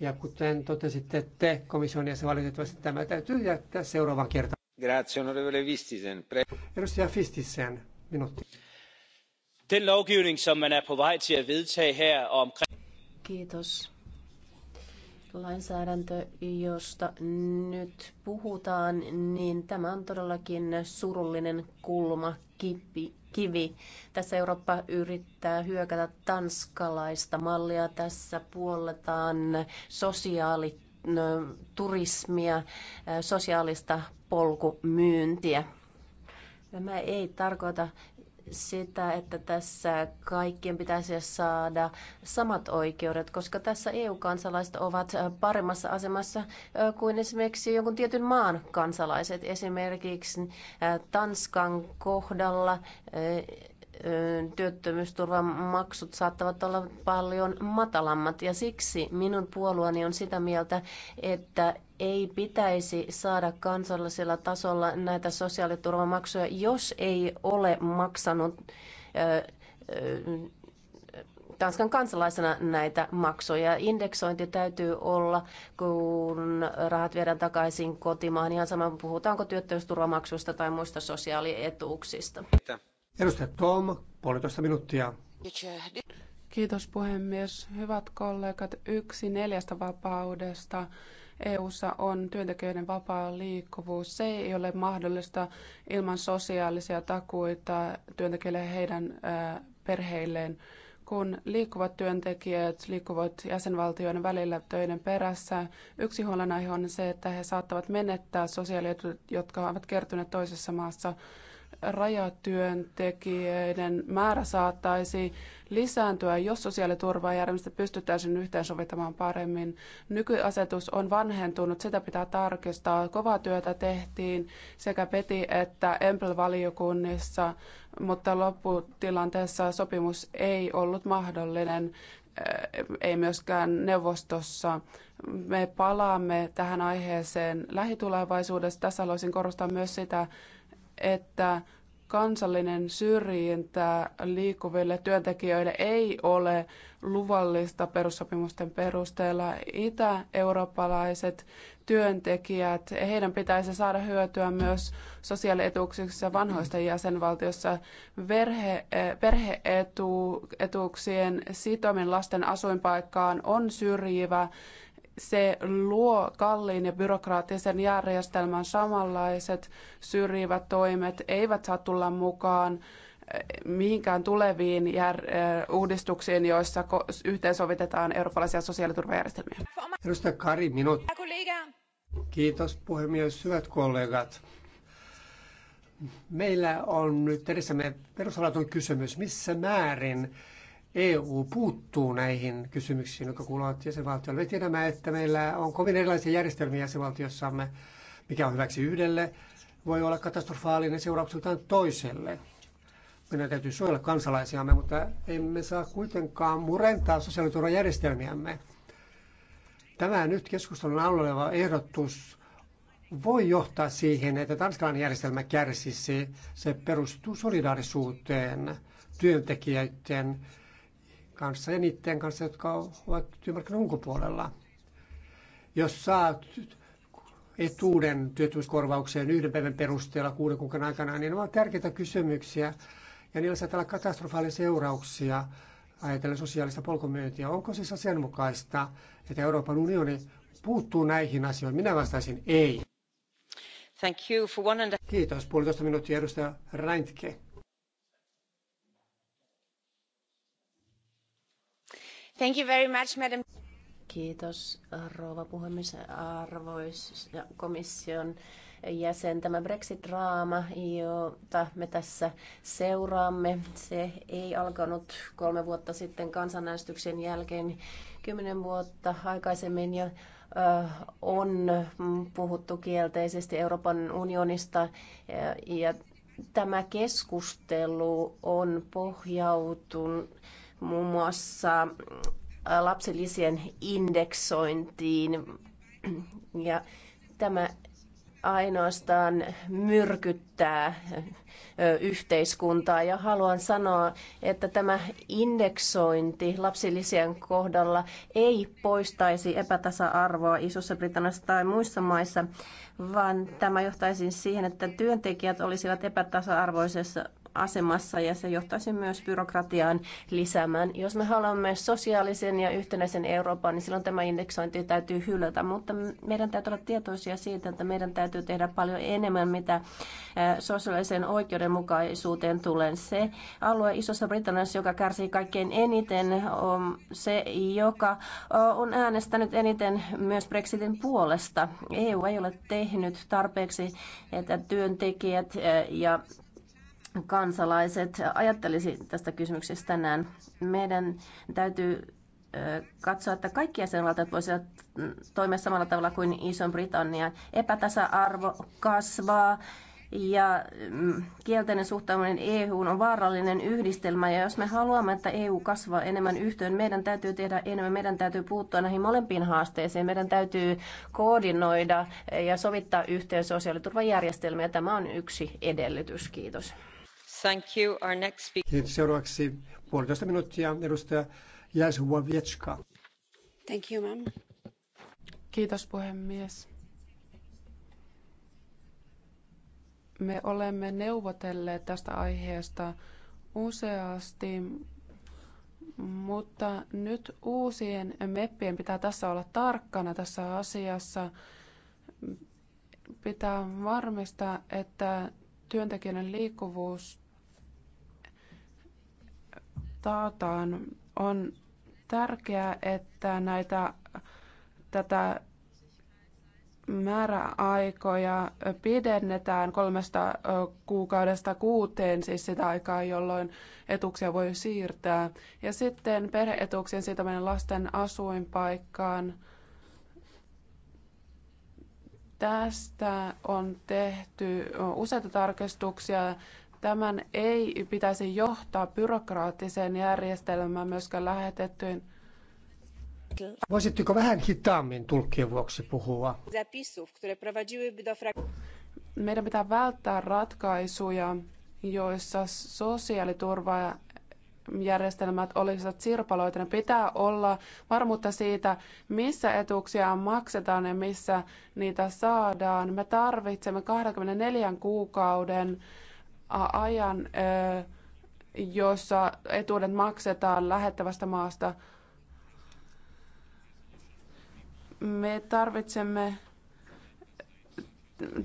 Ja kuten totesitte te komission se valitettavasti tämä täytyy jättää seuraavan kertaan. Grazie, onorevole Vistisen. Pre- Edustaja Fistisen minuutti. Den lovgivning, som man er på vej til at vedtage her omkring... Kiitos. Lainsäädäntö, josta nyt puhutaan, niin tämä on todellakin surullinen kulma, kipi, kivi. Tässä Eurooppa yrittää hyökätä tanskalaista mallia. Tässä puolletaan sosiaaliturismia, sosiaalista polkumyyntiä. Tämä ei tarkoita sitä, että tässä kaikkien pitäisi saada samat oikeudet, koska tässä EU-kansalaiset ovat paremmassa asemassa kuin esimerkiksi jonkun tietyn maan kansalaiset. Esimerkiksi Tanskan kohdalla työttömyysturvan maksut saattavat olla paljon matalammat ja siksi minun puolueeni on sitä mieltä, että ei pitäisi saada kansallisella tasolla näitä sosiaaliturvamaksuja, jos ei ole maksanut Tanskan kansalaisena näitä maksuja. Indeksointi täytyy olla, kun rahat viedään takaisin kotimaan. Ihan sama, puhutaanko työttömyysturvamaksuista tai muista sosiaalietuuksista. Mitä? Edustaja Tom, puolitoista minuuttia. Kiitos puhemies. Hyvät kollegat, yksi neljästä vapaudesta EU:ssa on työntekijöiden vapaa liikkuvuus. Se ei ole mahdollista ilman sosiaalisia takuita työntekijöille ja heidän perheilleen. Kun liikkuvat työntekijät liikkuvat jäsenvaltioiden välillä töiden perässä, yksi huolenaihe on se, että he saattavat menettää sosiaalietuudet, jotka ovat kertyneet toisessa maassa rajatyöntekijöiden määrä saattaisi lisääntyä, jos sosiaaliturvajärjestelmät pystyttäisiin yhteensovittamaan paremmin. Nykyasetus on vanhentunut, sitä pitää tarkistaa. Kovaa työtä tehtiin sekä PETI että EMPL-valiokunnissa, mutta lopputilanteessa sopimus ei ollut mahdollinen eh, ei myöskään neuvostossa. Me palaamme tähän aiheeseen lähitulevaisuudessa. Tässä haluaisin korostaa myös sitä, että kansallinen syrjintä liikkuville työntekijöille ei ole luvallista perussopimusten perusteella. Itä-eurooppalaiset työntekijät, heidän pitäisi saada hyötyä myös sosiaalietuuksissa vanhoista jäsenvaltiossa. Verhe, perheetuuksien sitominen lasten asuinpaikkaan on syrjivä se luo kalliin ja byrokraattisen järjestelmän. Samanlaiset syrjivät toimet eivät saa tulla mukaan eh, mihinkään tuleviin jär- eh, uudistuksiin, joissa yhteensovitetaan eurooppalaisia sosiaaliturvajärjestelmiä. Edustaja Kari, minut. Kiitos puhemies, hyvät kollegat. Meillä on nyt edessämme perusalaton kysymys, missä määrin EU puuttuu näihin kysymyksiin, jotka kuuluvat jäsenvaltioille. Me tiedämme, että meillä on kovin erilaisia järjestelmiä jäsenvaltiossamme, mikä on hyväksi yhdelle, voi olla katastrofaalinen seurauksiltaan toiselle. Meidän täytyy suojella kansalaisiamme, mutta emme saa kuitenkaan murentaa sosiaaliturvajärjestelmiämme. Tämä nyt keskustelun alla oleva ehdotus voi johtaa siihen, että tanskalainen järjestelmä kärsisi. Se perustuu solidaarisuuteen työntekijöiden kanssa ja niiden kanssa, jotka ovat työmarkkinoiden ulkopuolella. Jos saa etuuden työttömyyskorvaukseen yhden päivän perusteella kuuden kuukauden aikana, niin ne ovat tärkeitä kysymyksiä ja niillä saattaa olla katastrofaalisia seurauksia ajatellen sosiaalista polkumyyntiä. Onko siis asianmukaista, että Euroopan unioni puuttuu näihin asioihin? Minä vastaisin ei. Thank you for one and a... Kiitos. Puolitoista minuuttia edustaja Reintke. Thank you very much, madam. Kiitos rouva puhemies arvois komission jäsen. Tämä Brexit-draama, jota me tässä seuraamme, se ei alkanut kolme vuotta sitten kansanäänestyksen jälkeen. Kymmenen vuotta aikaisemmin jo on puhuttu kielteisesti Euroopan unionista ja tämä keskustelu on pohjautunut muun muassa äh, lapsilisien indeksointiin. Ja tämä ainoastaan myrkyttää yhteiskuntaa. Ja haluan sanoa, että tämä indeksointi lapsilisien kohdalla ei poistaisi epätasa-arvoa Isossa Britanniassa tai muissa maissa, vaan tämä johtaisi siihen, että työntekijät olisivat epätasa-arvoisessa asemassa ja se johtaisi myös byrokratiaan lisäämään. Jos me haluamme sosiaalisen ja yhtenäisen Euroopan, niin silloin tämä indeksointi täytyy hylätä, mutta meidän täytyy olla tietoisia siitä, että meidän täytyy tehdä paljon enemmän, mitä sosiaaliseen oikeudenmukaisuuteen tulee. Se alue Isossa Britanniassa, joka kärsii kaikkein eniten, on se, joka on äänestänyt eniten myös Brexitin puolesta. EU ei ole tehnyt tarpeeksi, että työntekijät ja kansalaiset ajattelisi tästä kysymyksestä tänään. Meidän täytyy katsoa, että kaikki jäsenvaltiot voisivat toimia samalla tavalla kuin Iso-Britannia. Epätasa-arvo kasvaa ja mm, kielteinen suhtautuminen EU on vaarallinen yhdistelmä. Ja jos me haluamme, että EU kasvaa enemmän yhteen, meidän täytyy tehdä enemmän. Meidän täytyy puuttua näihin molempiin haasteisiin. Meidän täytyy koordinoida ja sovittaa yhteen sosiaaliturvajärjestelmiä. Tämä on yksi edellytys. Kiitos. Thank you. Our next speaker. Kiitos. Seuraavaksi puolitoista minuuttia edustaja Jäsuwa-Wieczka. Thank you, ma'am. Kiitos puhemies. Me olemme neuvotelleet tästä aiheesta useasti, mutta nyt uusien meppien pitää tässä olla tarkkana tässä asiassa. Pitää varmistaa, että työntekijöiden liikkuvuus taataan. On tärkeää, että näitä tätä määräaikoja pidennetään kolmesta kuukaudesta kuuteen, siis sitä aikaa, jolloin etuuksia voi siirtää. Ja sitten perheetuuksien siirtäminen lasten asuinpaikkaan. Tästä on tehty useita tarkistuksia Tämän ei pitäisi johtaa byrokraattiseen järjestelmään myöskään lähetettyyn. Voisitteko vähän hitaammin tulkkien vuoksi puhua? Meidän pitää välttää ratkaisuja, joissa sosiaaliturva järjestelmät olisivat sirpaloituneet. Pitää olla varmuutta siitä, missä etuuksia maksetaan ja missä niitä saadaan. Me tarvitsemme 24 kuukauden ajan, jossa etuudet maksetaan lähettävästä maasta. Me tarvitsemme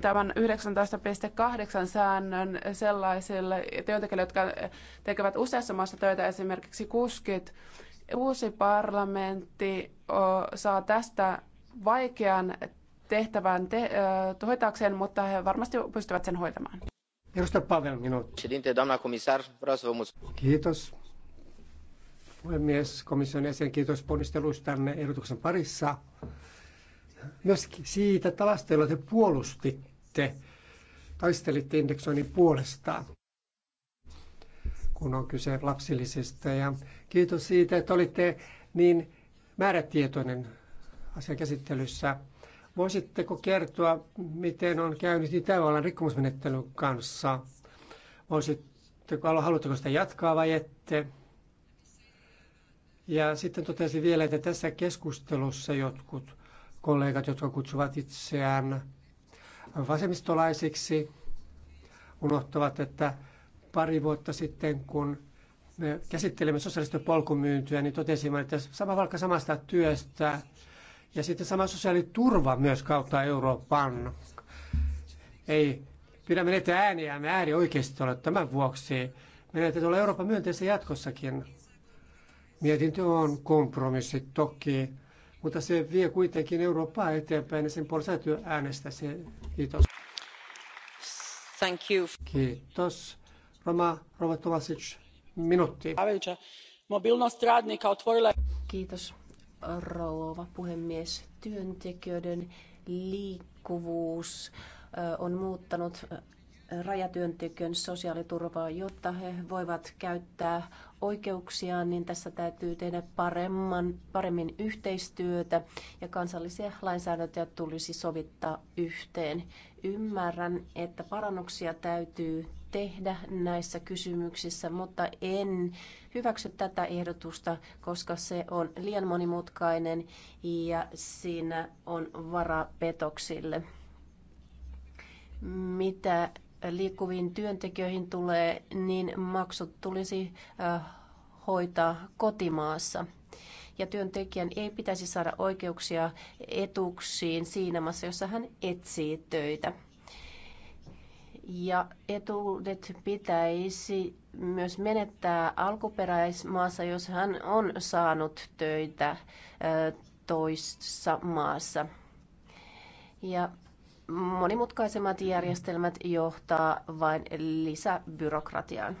tämän 19.8 säännön sellaisille työntekijöille, jotka tekevät useassa maassa töitä, esimerkiksi kuskit. Uusi parlamentti saa tästä vaikean tehtävän te- hoitaakseen, mutta he varmasti pystyvät sen hoitamaan. Edustaja Pavel, minuutti. Kiitos. Puhemies, komission jäsen, kiitos ponnisteluistanne ehdotuksen parissa. Myös siitä tavasta, jolla te puolustitte, taistelitte indeksoinnin puolesta, kun on kyse lapsillisista. Ja kiitos siitä, että olitte niin määrätietoinen asian käsittelyssä. Voisitteko kertoa, miten on käynyt Itävallan rikkomusmenettelyn kanssa? Voisitteko, haluatteko sitä jatkaa vai ette? Ja sitten totesin vielä, että tässä keskustelussa jotkut kollegat, jotka kutsuvat itseään vasemmistolaisiksi, unohtavat, että pari vuotta sitten, kun me käsittelemme sosiaalista polkumyyntiä, niin totesimme, että sama valkka samasta työstä ja sitten sama sosiaaliturva myös kautta Euroopan. Ei pidä menettää ääniä me ääri ole tämän vuoksi. Meidän täytyy olla Euroopan myönteessä jatkossakin. Mietintö on kompromissi toki, mutta se vie kuitenkin Eurooppaa eteenpäin ja sen puolesta täytyy äänestää se. Kiitos. Thank you. Kiitos. Roma Rovatovasic, minuutti. Kiitos rouva puhemies. Työntekijöiden liikkuvuus on muuttanut rajatyöntekijöiden sosiaaliturvaa, jotta he voivat käyttää oikeuksiaan, niin tässä täytyy tehdä paremman, paremmin yhteistyötä ja kansallisia lainsäädäntöjä tulisi sovittaa yhteen. Ymmärrän, että parannuksia täytyy tehdä näissä kysymyksissä, mutta en hyväksy tätä ehdotusta, koska se on liian monimutkainen ja siinä on vara petoksille. Mitä liikkuviin työntekijöihin tulee, niin maksut tulisi äh, hoitaa kotimaassa ja työntekijän ei pitäisi saada oikeuksia etuuksiin siinä maassa, jossa hän etsii töitä ja etuudet pitäisi myös menettää alkuperäismaassa, jos hän on saanut töitä toisessa maassa. Ja monimutkaisemmat järjestelmät johtaa vain lisäbyrokratiaan.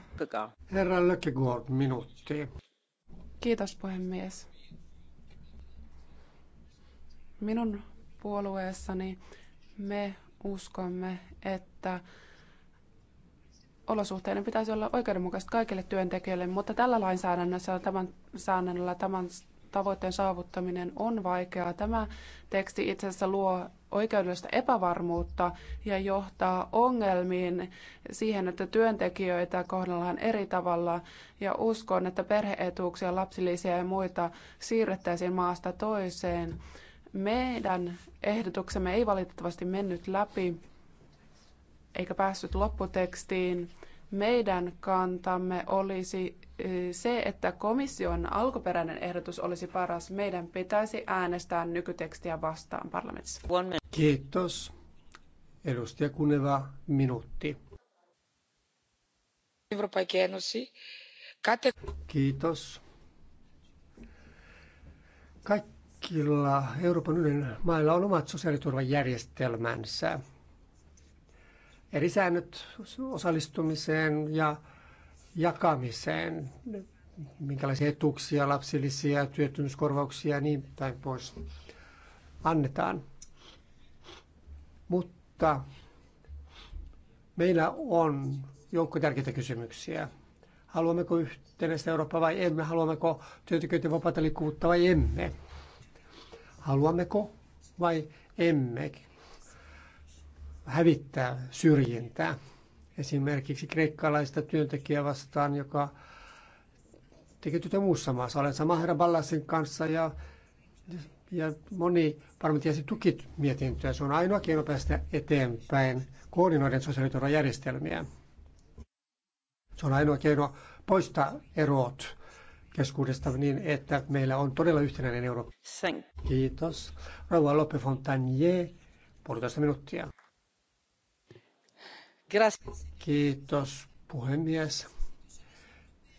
Herra Lökegård, minuutti. Kiitos puhemies. Minun puolueessani me uskomme, että olosuhteiden pitäisi olla oikeudenmukaiset kaikille työntekijöille, mutta tällä lainsäädännössä tämän säännöllä tämän tavoitteen saavuttaminen on vaikeaa. Tämä teksti itse asiassa luo oikeudellista epävarmuutta ja johtaa ongelmiin siihen, että työntekijöitä kohdellaan eri tavalla ja uskon, että perheetuuksia, lapsilisiä ja muita siirrettäisiin maasta toiseen. Meidän ehdotuksemme ei valitettavasti mennyt läpi eikä päässyt lopputekstiin. Meidän kantamme olisi eh, se, että komission alkuperäinen ehdotus olisi paras. Meidän pitäisi äänestää nykytekstiä vastaan parlamentissa. Kiitos. Edustaja Kuneva, minuutti. Kiitos. Kaikilla Euroopan unionin mailla on omat sosiaaliturvajärjestelmänsä eri säännöt osallistumiseen ja jakamiseen, minkälaisia etuuksia, lapsilisiä, työttömyyskorvauksia ja niin päin pois annetaan. Mutta meillä on joukko tärkeitä kysymyksiä. Haluammeko yhtenäistä Eurooppaa vai emme? Haluammeko työntekijöiden vapaata liikkuvuutta vai emme? Haluammeko vai emme? hävittää syrjintää. Esimerkiksi kreikkalaista työntekijää vastaan, joka teki työtä muussa maassa. Olen sama herra Ballasin kanssa ja, ja moni varmaan tiesi tukimietintöä. mietintöä. Se on ainoa keino päästä eteenpäin koordinoiden sosiaaliturvajärjestelmiä. Se on ainoa keino poistaa erot keskuudesta niin, että meillä on todella yhtenäinen Eurooppa. Kiitos. Rauha Lope Fontanier, puolitoista minuuttia. Kiitos puhemies.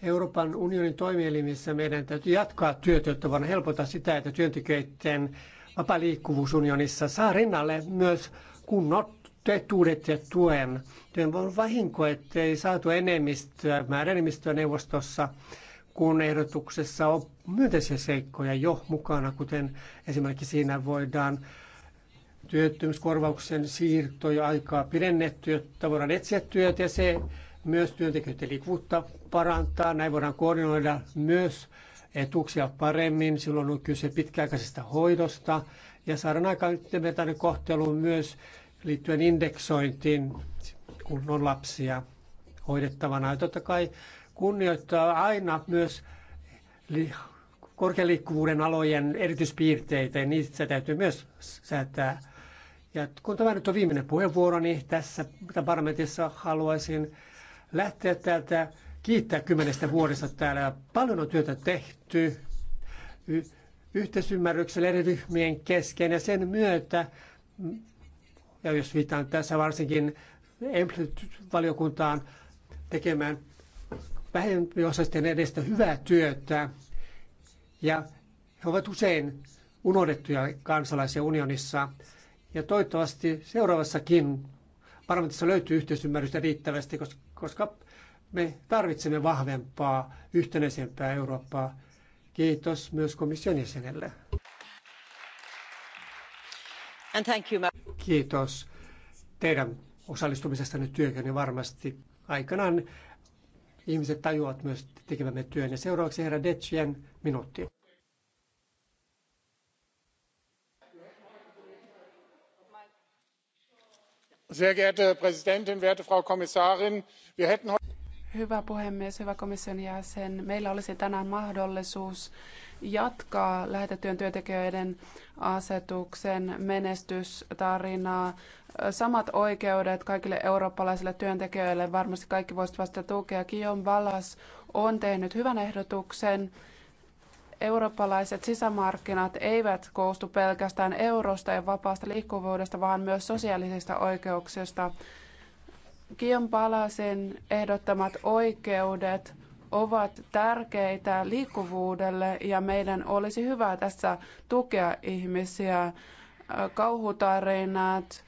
Euroopan unionin toimielimissä meidän täytyy jatkaa työtä, jotta voidaan helpottaa sitä, että työntekijöiden vapaa liikkuvuus unionissa saa rinnalle myös kunnot etuudet ja tuen. Työn on vahinko, ei saatu enemmistöä, määräenemmistöä neuvostossa, kun ehdotuksessa on myönteisiä seikkoja jo mukana, kuten esimerkiksi siinä voidaan työttömyyskorvauksen siirtoja aikaa pidennetty, jotta voidaan etsiä työtä ja se myös työntekijöiden liikkuvuutta parantaa. Näin voidaan koordinoida myös etuuksia paremmin. Silloin on kyse pitkäaikaisesta hoidosta ja saadaan aika yhdenvertainen kohtelu myös liittyen indeksointiin, kun on lapsia hoidettavana. Ja totta kai kunnioittaa aina myös korkealiikkuvuuden alojen erityispiirteitä ja niistä täytyy myös säätää ja kun tämä nyt on viimeinen puheenvuoroni niin tässä parlamentissa, haluaisin lähteä täältä kiittää kymmenestä vuodesta täällä. Paljon on työtä tehty y- yhteisymmärryksellä eri ryhmien kesken ja sen myötä, ja jos viitaan tässä varsinkin valiokuntaan tekemään vähempiosaisten edestä hyvää työtä, ja he ovat usein unohdettuja kansalaisia unionissa. Ja toivottavasti seuraavassakin parlamentissa löytyy yhteisymmärrystä riittävästi, koska me tarvitsemme vahvempaa, yhtenäisempää Eurooppaa. Kiitos myös komission jäsenelle. Kiitos teidän osallistumisestanne työhön ja varmasti aikanaan ihmiset tajuavat myös tekemämme työn. Ja seuraavaksi herra Detsien minuutti. Hyvä puhemies, hyvä komission jäsen. Meillä olisi tänään mahdollisuus jatkaa lähetettyjen työntekijöiden asetuksen menestystarinaa. Samat oikeudet kaikille eurooppalaisille työntekijöille varmasti kaikki voisivat vasta tukea. Guillaume Balas on tehnyt hyvän ehdotuksen eurooppalaiset sisämarkkinat eivät koostu pelkästään eurosta ja vapaasta liikkuvuudesta, vaan myös sosiaalisista oikeuksista. Kion Palasin ehdottamat oikeudet ovat tärkeitä liikkuvuudelle ja meidän olisi hyvä tässä tukea ihmisiä. Kauhutarinat,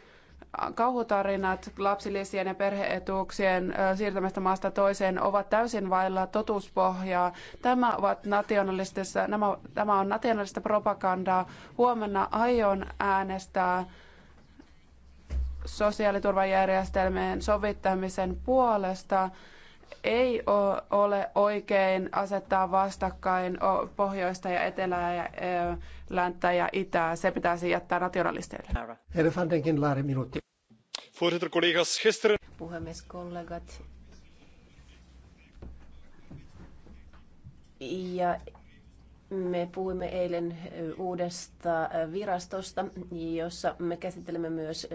kauhutarinat lapsilisien ja perheetuuksien siirtämistä maasta toiseen ovat täysin vailla totuuspohjaa. Tämä, ovat nämä, tämä on nationalista propagandaa. Huomenna aion äänestää sosiaaliturvajärjestelmien sovittamisen puolesta ei ole oikein asettaa vastakkain pohjoista ja etelää ja länttä ja itää. Se pitäisi jättää nationalisteille. Elefantenkin laari minuutti. Puhemies, kollegat. Ja me puhuimme eilen uudesta virastosta, jossa me käsittelemme myös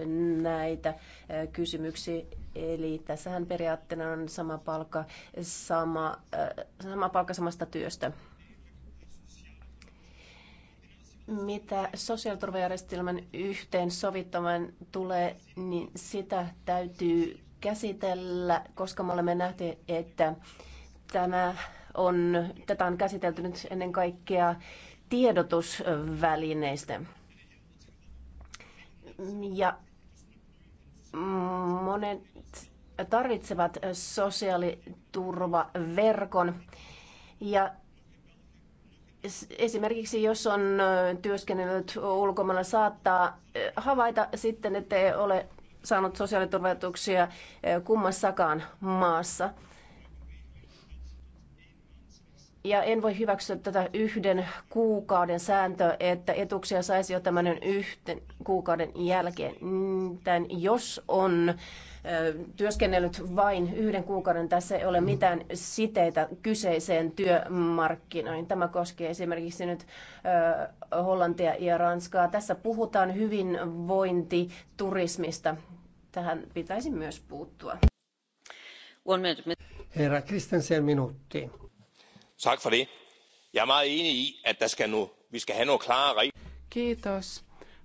näitä kysymyksiä. Eli tässähän periaatteena on sama palkka, sama, sama palkka samasta työstä. Mitä sosiaaliturvajärjestelmän yhteensovittaman tulee, niin sitä täytyy käsitellä, koska me olemme nähneet, että tämä on, tätä on käsitelty nyt ennen kaikkea tiedotusvälineistä. Ja monet tarvitsevat sosiaaliturvaverkon. Ja esimerkiksi jos on työskennellyt ulkomailla, saattaa havaita sitten, että ei ole saanut sosiaaliturvaetuuksia kummassakaan maassa ja en voi hyväksyä tätä yhden kuukauden sääntöä, että etuuksia saisi jo tämmöinen yhden kuukauden jälkeen. Tän, jos on työskennellyt vain yhden kuukauden, tässä ei ole mitään siteitä kyseiseen työmarkkinoihin. Tämä koskee esimerkiksi nyt Hollantia ja Ranskaa. Tässä puhutaan hyvinvointiturismista. Tähän pitäisi myös puuttua. Herra Kristensen minuutti regler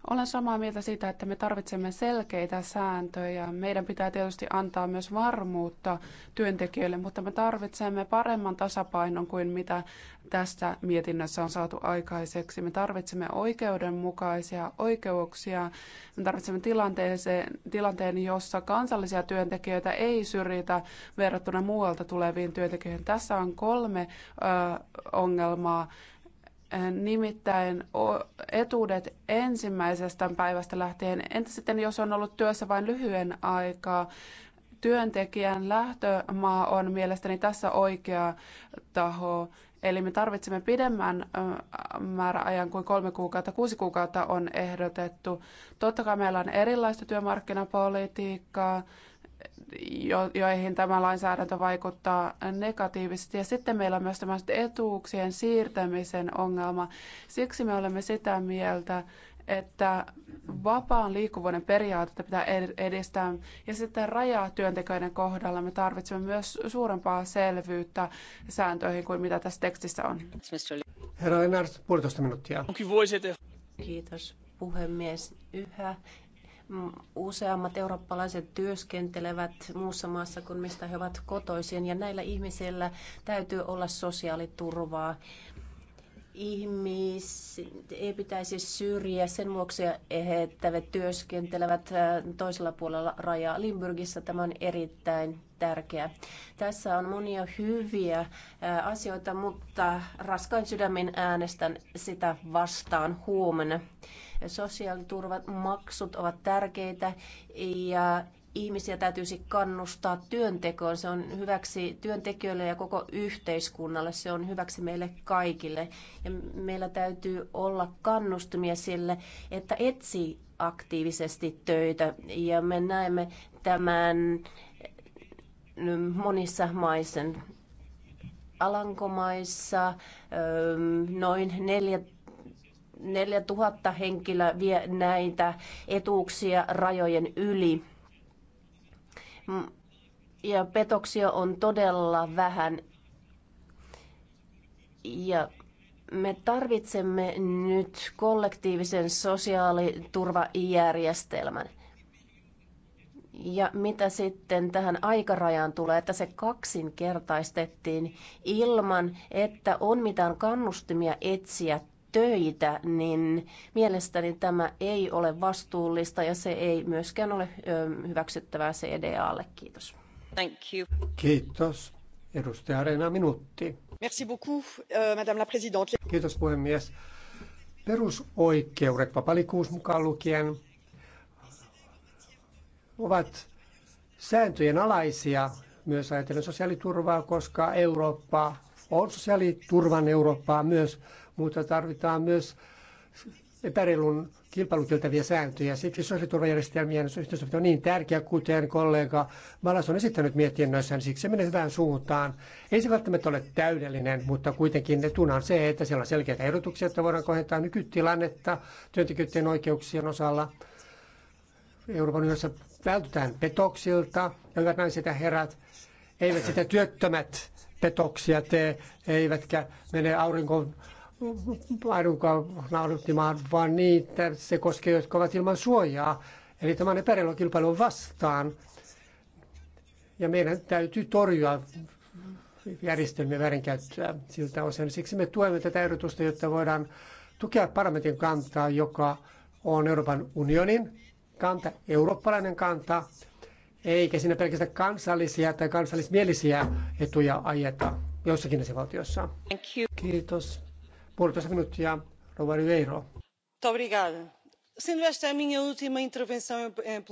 olen samaa mieltä siitä, että me tarvitsemme selkeitä sääntöjä. Meidän pitää tietysti antaa myös varmuutta työntekijöille, mutta me tarvitsemme paremman tasapainon kuin mitä tässä mietinnössä on saatu aikaiseksi. Me tarvitsemme oikeudenmukaisia oikeuksia. Me tarvitsemme tilanteen, jossa kansallisia työntekijöitä ei syrjitä verrattuna muualta tuleviin työntekijöihin. Tässä on kolme ö, ongelmaa nimittäin etuudet ensimmäisestä päivästä lähtien. Entä sitten, jos on ollut työssä vain lyhyen aikaa? Työntekijän lähtömaa on mielestäni tässä oikea taho. Eli me tarvitsemme pidemmän määräajan kuin kolme kuukautta. Kuusi kuukautta on ehdotettu. Totta kai meillä on erilaista työmarkkinapolitiikkaa joihin tämä lainsäädäntö vaikuttaa negatiivisesti. Ja sitten meillä on myös tämä etuuksien siirtämisen ongelma. Siksi me olemme sitä mieltä, että vapaan liikkuvuuden periaatetta pitää edistää. Ja sitten työntekijöiden kohdalla me tarvitsemme myös suurempaa selvyyttä sääntöihin kuin mitä tässä tekstissä on. Herra Lennart, puolitoista minuuttia. Kiitos puhemies. Yhä useammat eurooppalaiset työskentelevät muussa maassa kuin mistä he ovat kotoisin ja näillä ihmisillä täytyy olla sosiaaliturvaa. Ihmis ei pitäisi syrjiä sen vuoksi, että he työskentelevät toisella puolella rajaa. Limburgissa tämä on erittäin tärkeä. Tässä on monia hyviä asioita, mutta raskain sydämin äänestän sitä vastaan huomenna. Sosiaaliturvamaksut ovat tärkeitä ja ihmisiä täytyisi kannustaa työntekoon. Se on hyväksi työntekijöille ja koko yhteiskunnalle. Se on hyväksi meille kaikille. Ja meillä täytyy olla kannustumia sille, että etsii aktiivisesti töitä. Ja me näemme tämän monissa maissa. Alankomaissa öö, noin neljä 4000 henkilöä vie näitä etuuksia rajojen yli. Mm, ja petoksia on todella vähän. Ja me tarvitsemme nyt kollektiivisen sosiaaliturvajärjestelmän. Ja mitä sitten tähän aikarajaan tulee, että se kaksinkertaistettiin ilman, että on mitään kannustimia etsiä töitä, niin mielestäni tämä ei ole vastuullista ja se ei myöskään ole hyväksyttävää CDAlle. Kiitos. Thank you. Kiitos. Edustaja Arena minuutti. Merci beaucoup, euh, madame la présidente. Kiitos puhemies. Perusoikeudet, vapalikuus mukaan lukien, ovat sääntöjen alaisia myös ajatellen sosiaaliturvaa, koska Eurooppa on sosiaaliturvan Eurooppaa myös mutta tarvitaan myös epäreilun kilpailukieltäviä sääntöjä. Siksi sosiaaliturvajärjestelmien yhteensovittaminen on niin tärkeä, kuten kollega Malas on esittänyt mietinnössään. Siksi se menee hyvään suuntaan. Ei se välttämättä ole täydellinen, mutta kuitenkin etuna on se, että siellä on selkeitä ehdotuksia, että voidaan kohentaa nykytilannetta työntekijöiden oikeuksien osalla. Euroopan yhdessä vältytään petoksilta ja hyvät naiset ja herrat, eivät sitä työttömät petoksia tee, eivätkä mene aurinkoon laadunkaan nauduttimaan, vaan niitä se koskee, jotka ovat ilman suojaa. Eli tämä on epäreilun vastaan. Ja meidän täytyy torjua järjestelmien väärinkäyttöä siltä osin. Siksi me tuemme tätä ehdotusta, jotta voidaan tukea parlamentin kantaa, joka on Euroopan unionin kanta, eurooppalainen kanta, eikä siinä pelkästään kansallisia tai kansallismielisiä etuja ajeta joissakin jäsenvaltioissa. Kiitos. Puolitoista minuuttia, Rova Ribeiro. Eh,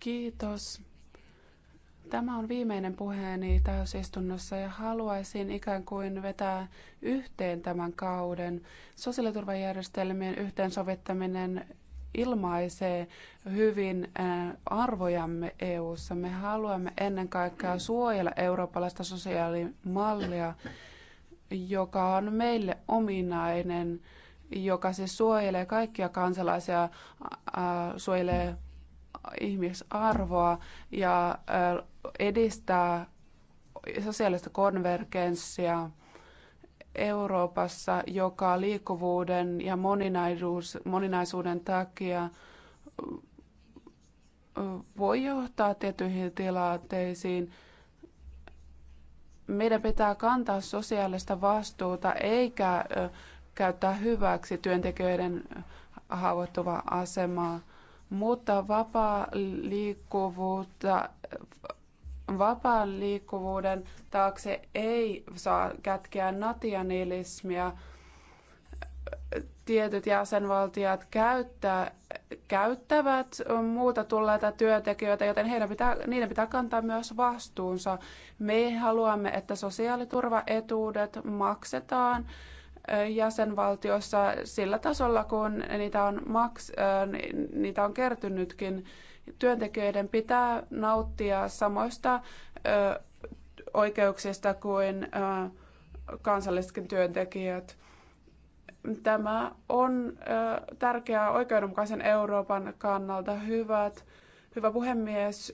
Kiitos. Tämä on viimeinen puheeni täysistunnossa ja haluaisin ikään kuin vetää yhteen tämän kauden. Sosiaaliturvajärjestelmien yhteensovittaminen ilmaisee hyvin eh, arvojamme EU:ssa. Me haluamme ennen kaikkea suojella eurooppalaista sosiaalimallia joka on meille ominainen, joka siis suojelee kaikkia kansalaisia, suojelee ihmisarvoa ja edistää sosiaalista konvergenssia Euroopassa, joka liikkuvuuden ja moninaisuuden takia voi johtaa tiettyihin tilanteisiin, meidän pitää kantaa sosiaalista vastuuta eikä käyttää hyväksi työntekijöiden haavoittuvaa asemaa. Mutta vapaa liikkuvuutta, vapaan liikkuvuuden taakse ei saa kätkeä nationalismia tietyt jäsenvaltiot käyttää, käyttävät muuta tulleita työntekijöitä, joten heidän pitää, niiden pitää kantaa myös vastuunsa. Me haluamme, että sosiaaliturvaetuudet maksetaan jäsenvaltiossa sillä tasolla, kun niitä on, maks, niitä on kertynytkin. Työntekijöiden pitää nauttia samoista oikeuksista kuin kansallisetkin työntekijät Tämä on tärkeää oikeudenmukaisen Euroopan kannalta. Hyvät, hyvä puhemies,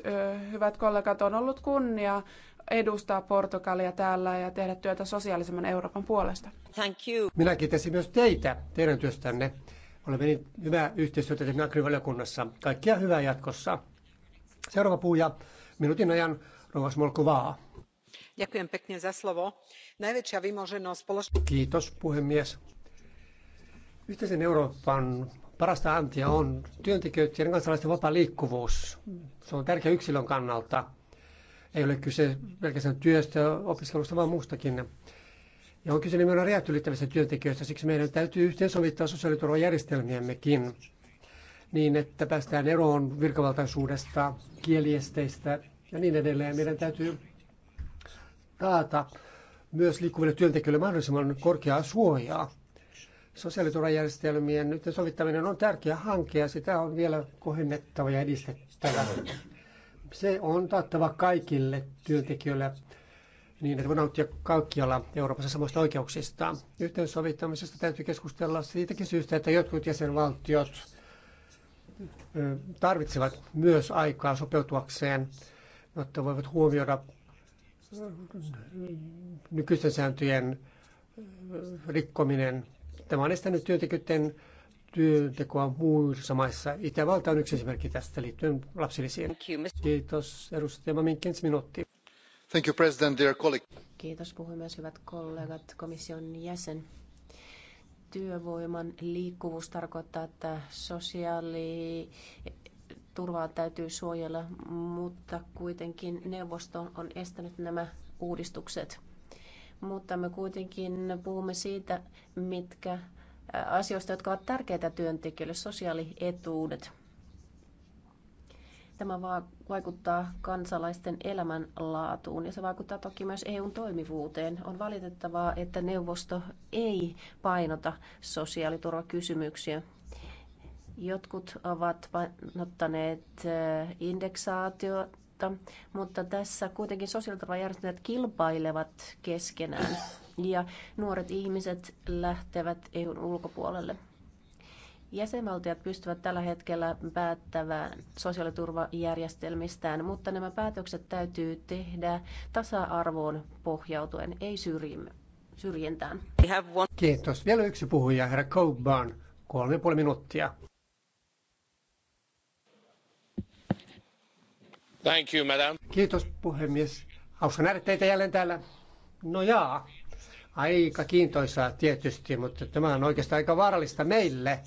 hyvät kollegat, on ollut kunnia edustaa Portugalia täällä ja tehdä työtä sosiaalisemman Euroopan puolesta. Thank you. Minä kiitäisin myös teitä teidän työstänne. Olemme niin hyvää yhteistyötä tehnyt agrivaliokunnassa. Kaikkia hyvää jatkossa. Seuraava puhuja minuutin ajan Rova Smolkovaa. Kiitos puhemies. Yhteisen Euroopan parasta antia on työntekijöiden kansalaisten vapaa liikkuvuus. Se on tärkeä yksilön kannalta. Ei ole kyse pelkästään työstä, opiskelusta, vaan muustakin. Ja on kyse nimenomaan rajat ylittävistä työntekijöistä, siksi meidän täytyy yhteensovittaa sosiaaliturvajärjestelmiämmekin niin, että päästään eroon virkavaltaisuudesta, kieliesteistä ja niin edelleen. Meidän täytyy taata myös liikkuville työntekijöille mahdollisimman korkeaa suojaa. Sosiaaliturvajärjestelmien nyt sovittaminen on tärkeä hanke ja sitä on vielä kohennettava ja edistettävä. Se on taattava kaikille työntekijöille niin, että voi nauttia kaikkialla Euroopassa samoista oikeuksista. Yhteensovittamisesta täytyy keskustella siitäkin syystä, että jotkut jäsenvaltiot tarvitsevat myös aikaa sopeutuakseen, jotta voivat huomioida nykyisten sääntöjen rikkominen Tämä on estänyt työntekijöiden työntekoa muissa maissa. Itävalta on yksi esimerkki tästä liittyen lapsilisiin. Kiitos. Edustaja Maminkins, minuutti. Thank you, President, dear colleague. Kiitos puhemies, hyvät kollegat, komission jäsen. Työvoiman liikkuvuus tarkoittaa, että sosiaali turvaa täytyy suojella, mutta kuitenkin neuvosto on estänyt nämä uudistukset mutta me kuitenkin puhumme siitä, mitkä asioista, jotka ovat tärkeitä työntekijöille, sosiaalietuudet. Tämä vaikuttaa kansalaisten elämänlaatuun ja se vaikuttaa toki myös EUn toimivuuteen. On valitettavaa, että neuvosto ei painota sosiaaliturvakysymyksiä. Jotkut ovat painottaneet indeksaatiota mutta, mutta tässä kuitenkin sosiaaliturvajärjestelmät kilpailevat keskenään ja nuoret ihmiset lähtevät EUn ulkopuolelle. Jäsenvaltiot pystyvät tällä hetkellä päättämään sosiaaliturvajärjestelmistään, mutta nämä päätökset täytyy tehdä tasa-arvoon pohjautuen, ei syrjintään. Kiitos. Vielä yksi puhuja, herra Coburn, kolme puoli minuuttia. Kiitos puhemies. Hauska nähdä teitä jälleen täällä. No jaa, aika kiintoisaa tietysti, mutta tämä on oikeastaan aika vaarallista meille.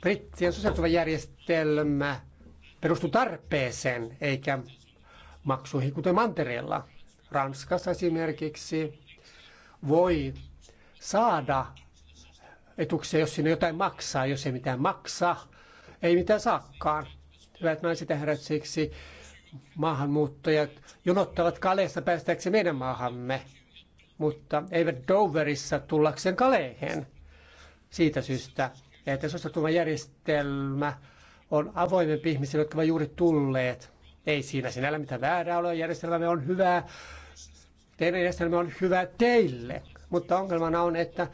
Brittien sosiaaliturvajärjestelmä perustuu tarpeeseen eikä maksuihin kuten mantereella. Ranskassa esimerkiksi voi saada etuksia, jos sinne jotain maksaa, jos ei mitään maksa, ei mitään saakkaan. Hyvät naiset ja herrat, siksi maahanmuuttajat jonottavat Kaleessa päästäkseen meidän maahamme, mutta eivät Doverissa tullakseen Kaleihin. Siitä syystä, että sosiaaliturvajärjestelmä on avoimempi ihmisille, jotka ovat juuri tulleet. Ei siinä sinällä mitään väärää ole, järjestelmämme on hyvä, teidän järjestelmä on hyvä teille. Mutta ongelmana on, että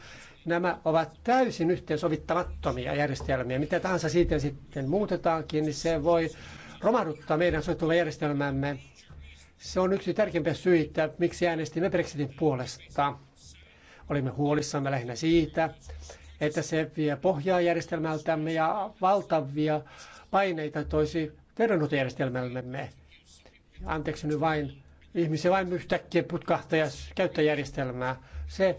nämä ovat täysin yhteensovittamattomia järjestelmiä. Mitä tahansa siitä sitten muutetaankin, niin se voi romahduttaa meidän sovittelujärjestelmämme. Se on yksi tärkeimpiä syitä, miksi äänestimme Brexitin puolesta. Olimme huolissamme lähinnä siitä, että se vie pohjaa järjestelmältämme ja valtavia paineita toisi terveydenhuoltojärjestelmällemme. Anteeksi nyt vain, ihmisiä vain yhtäkkiä putkahtaja ja Se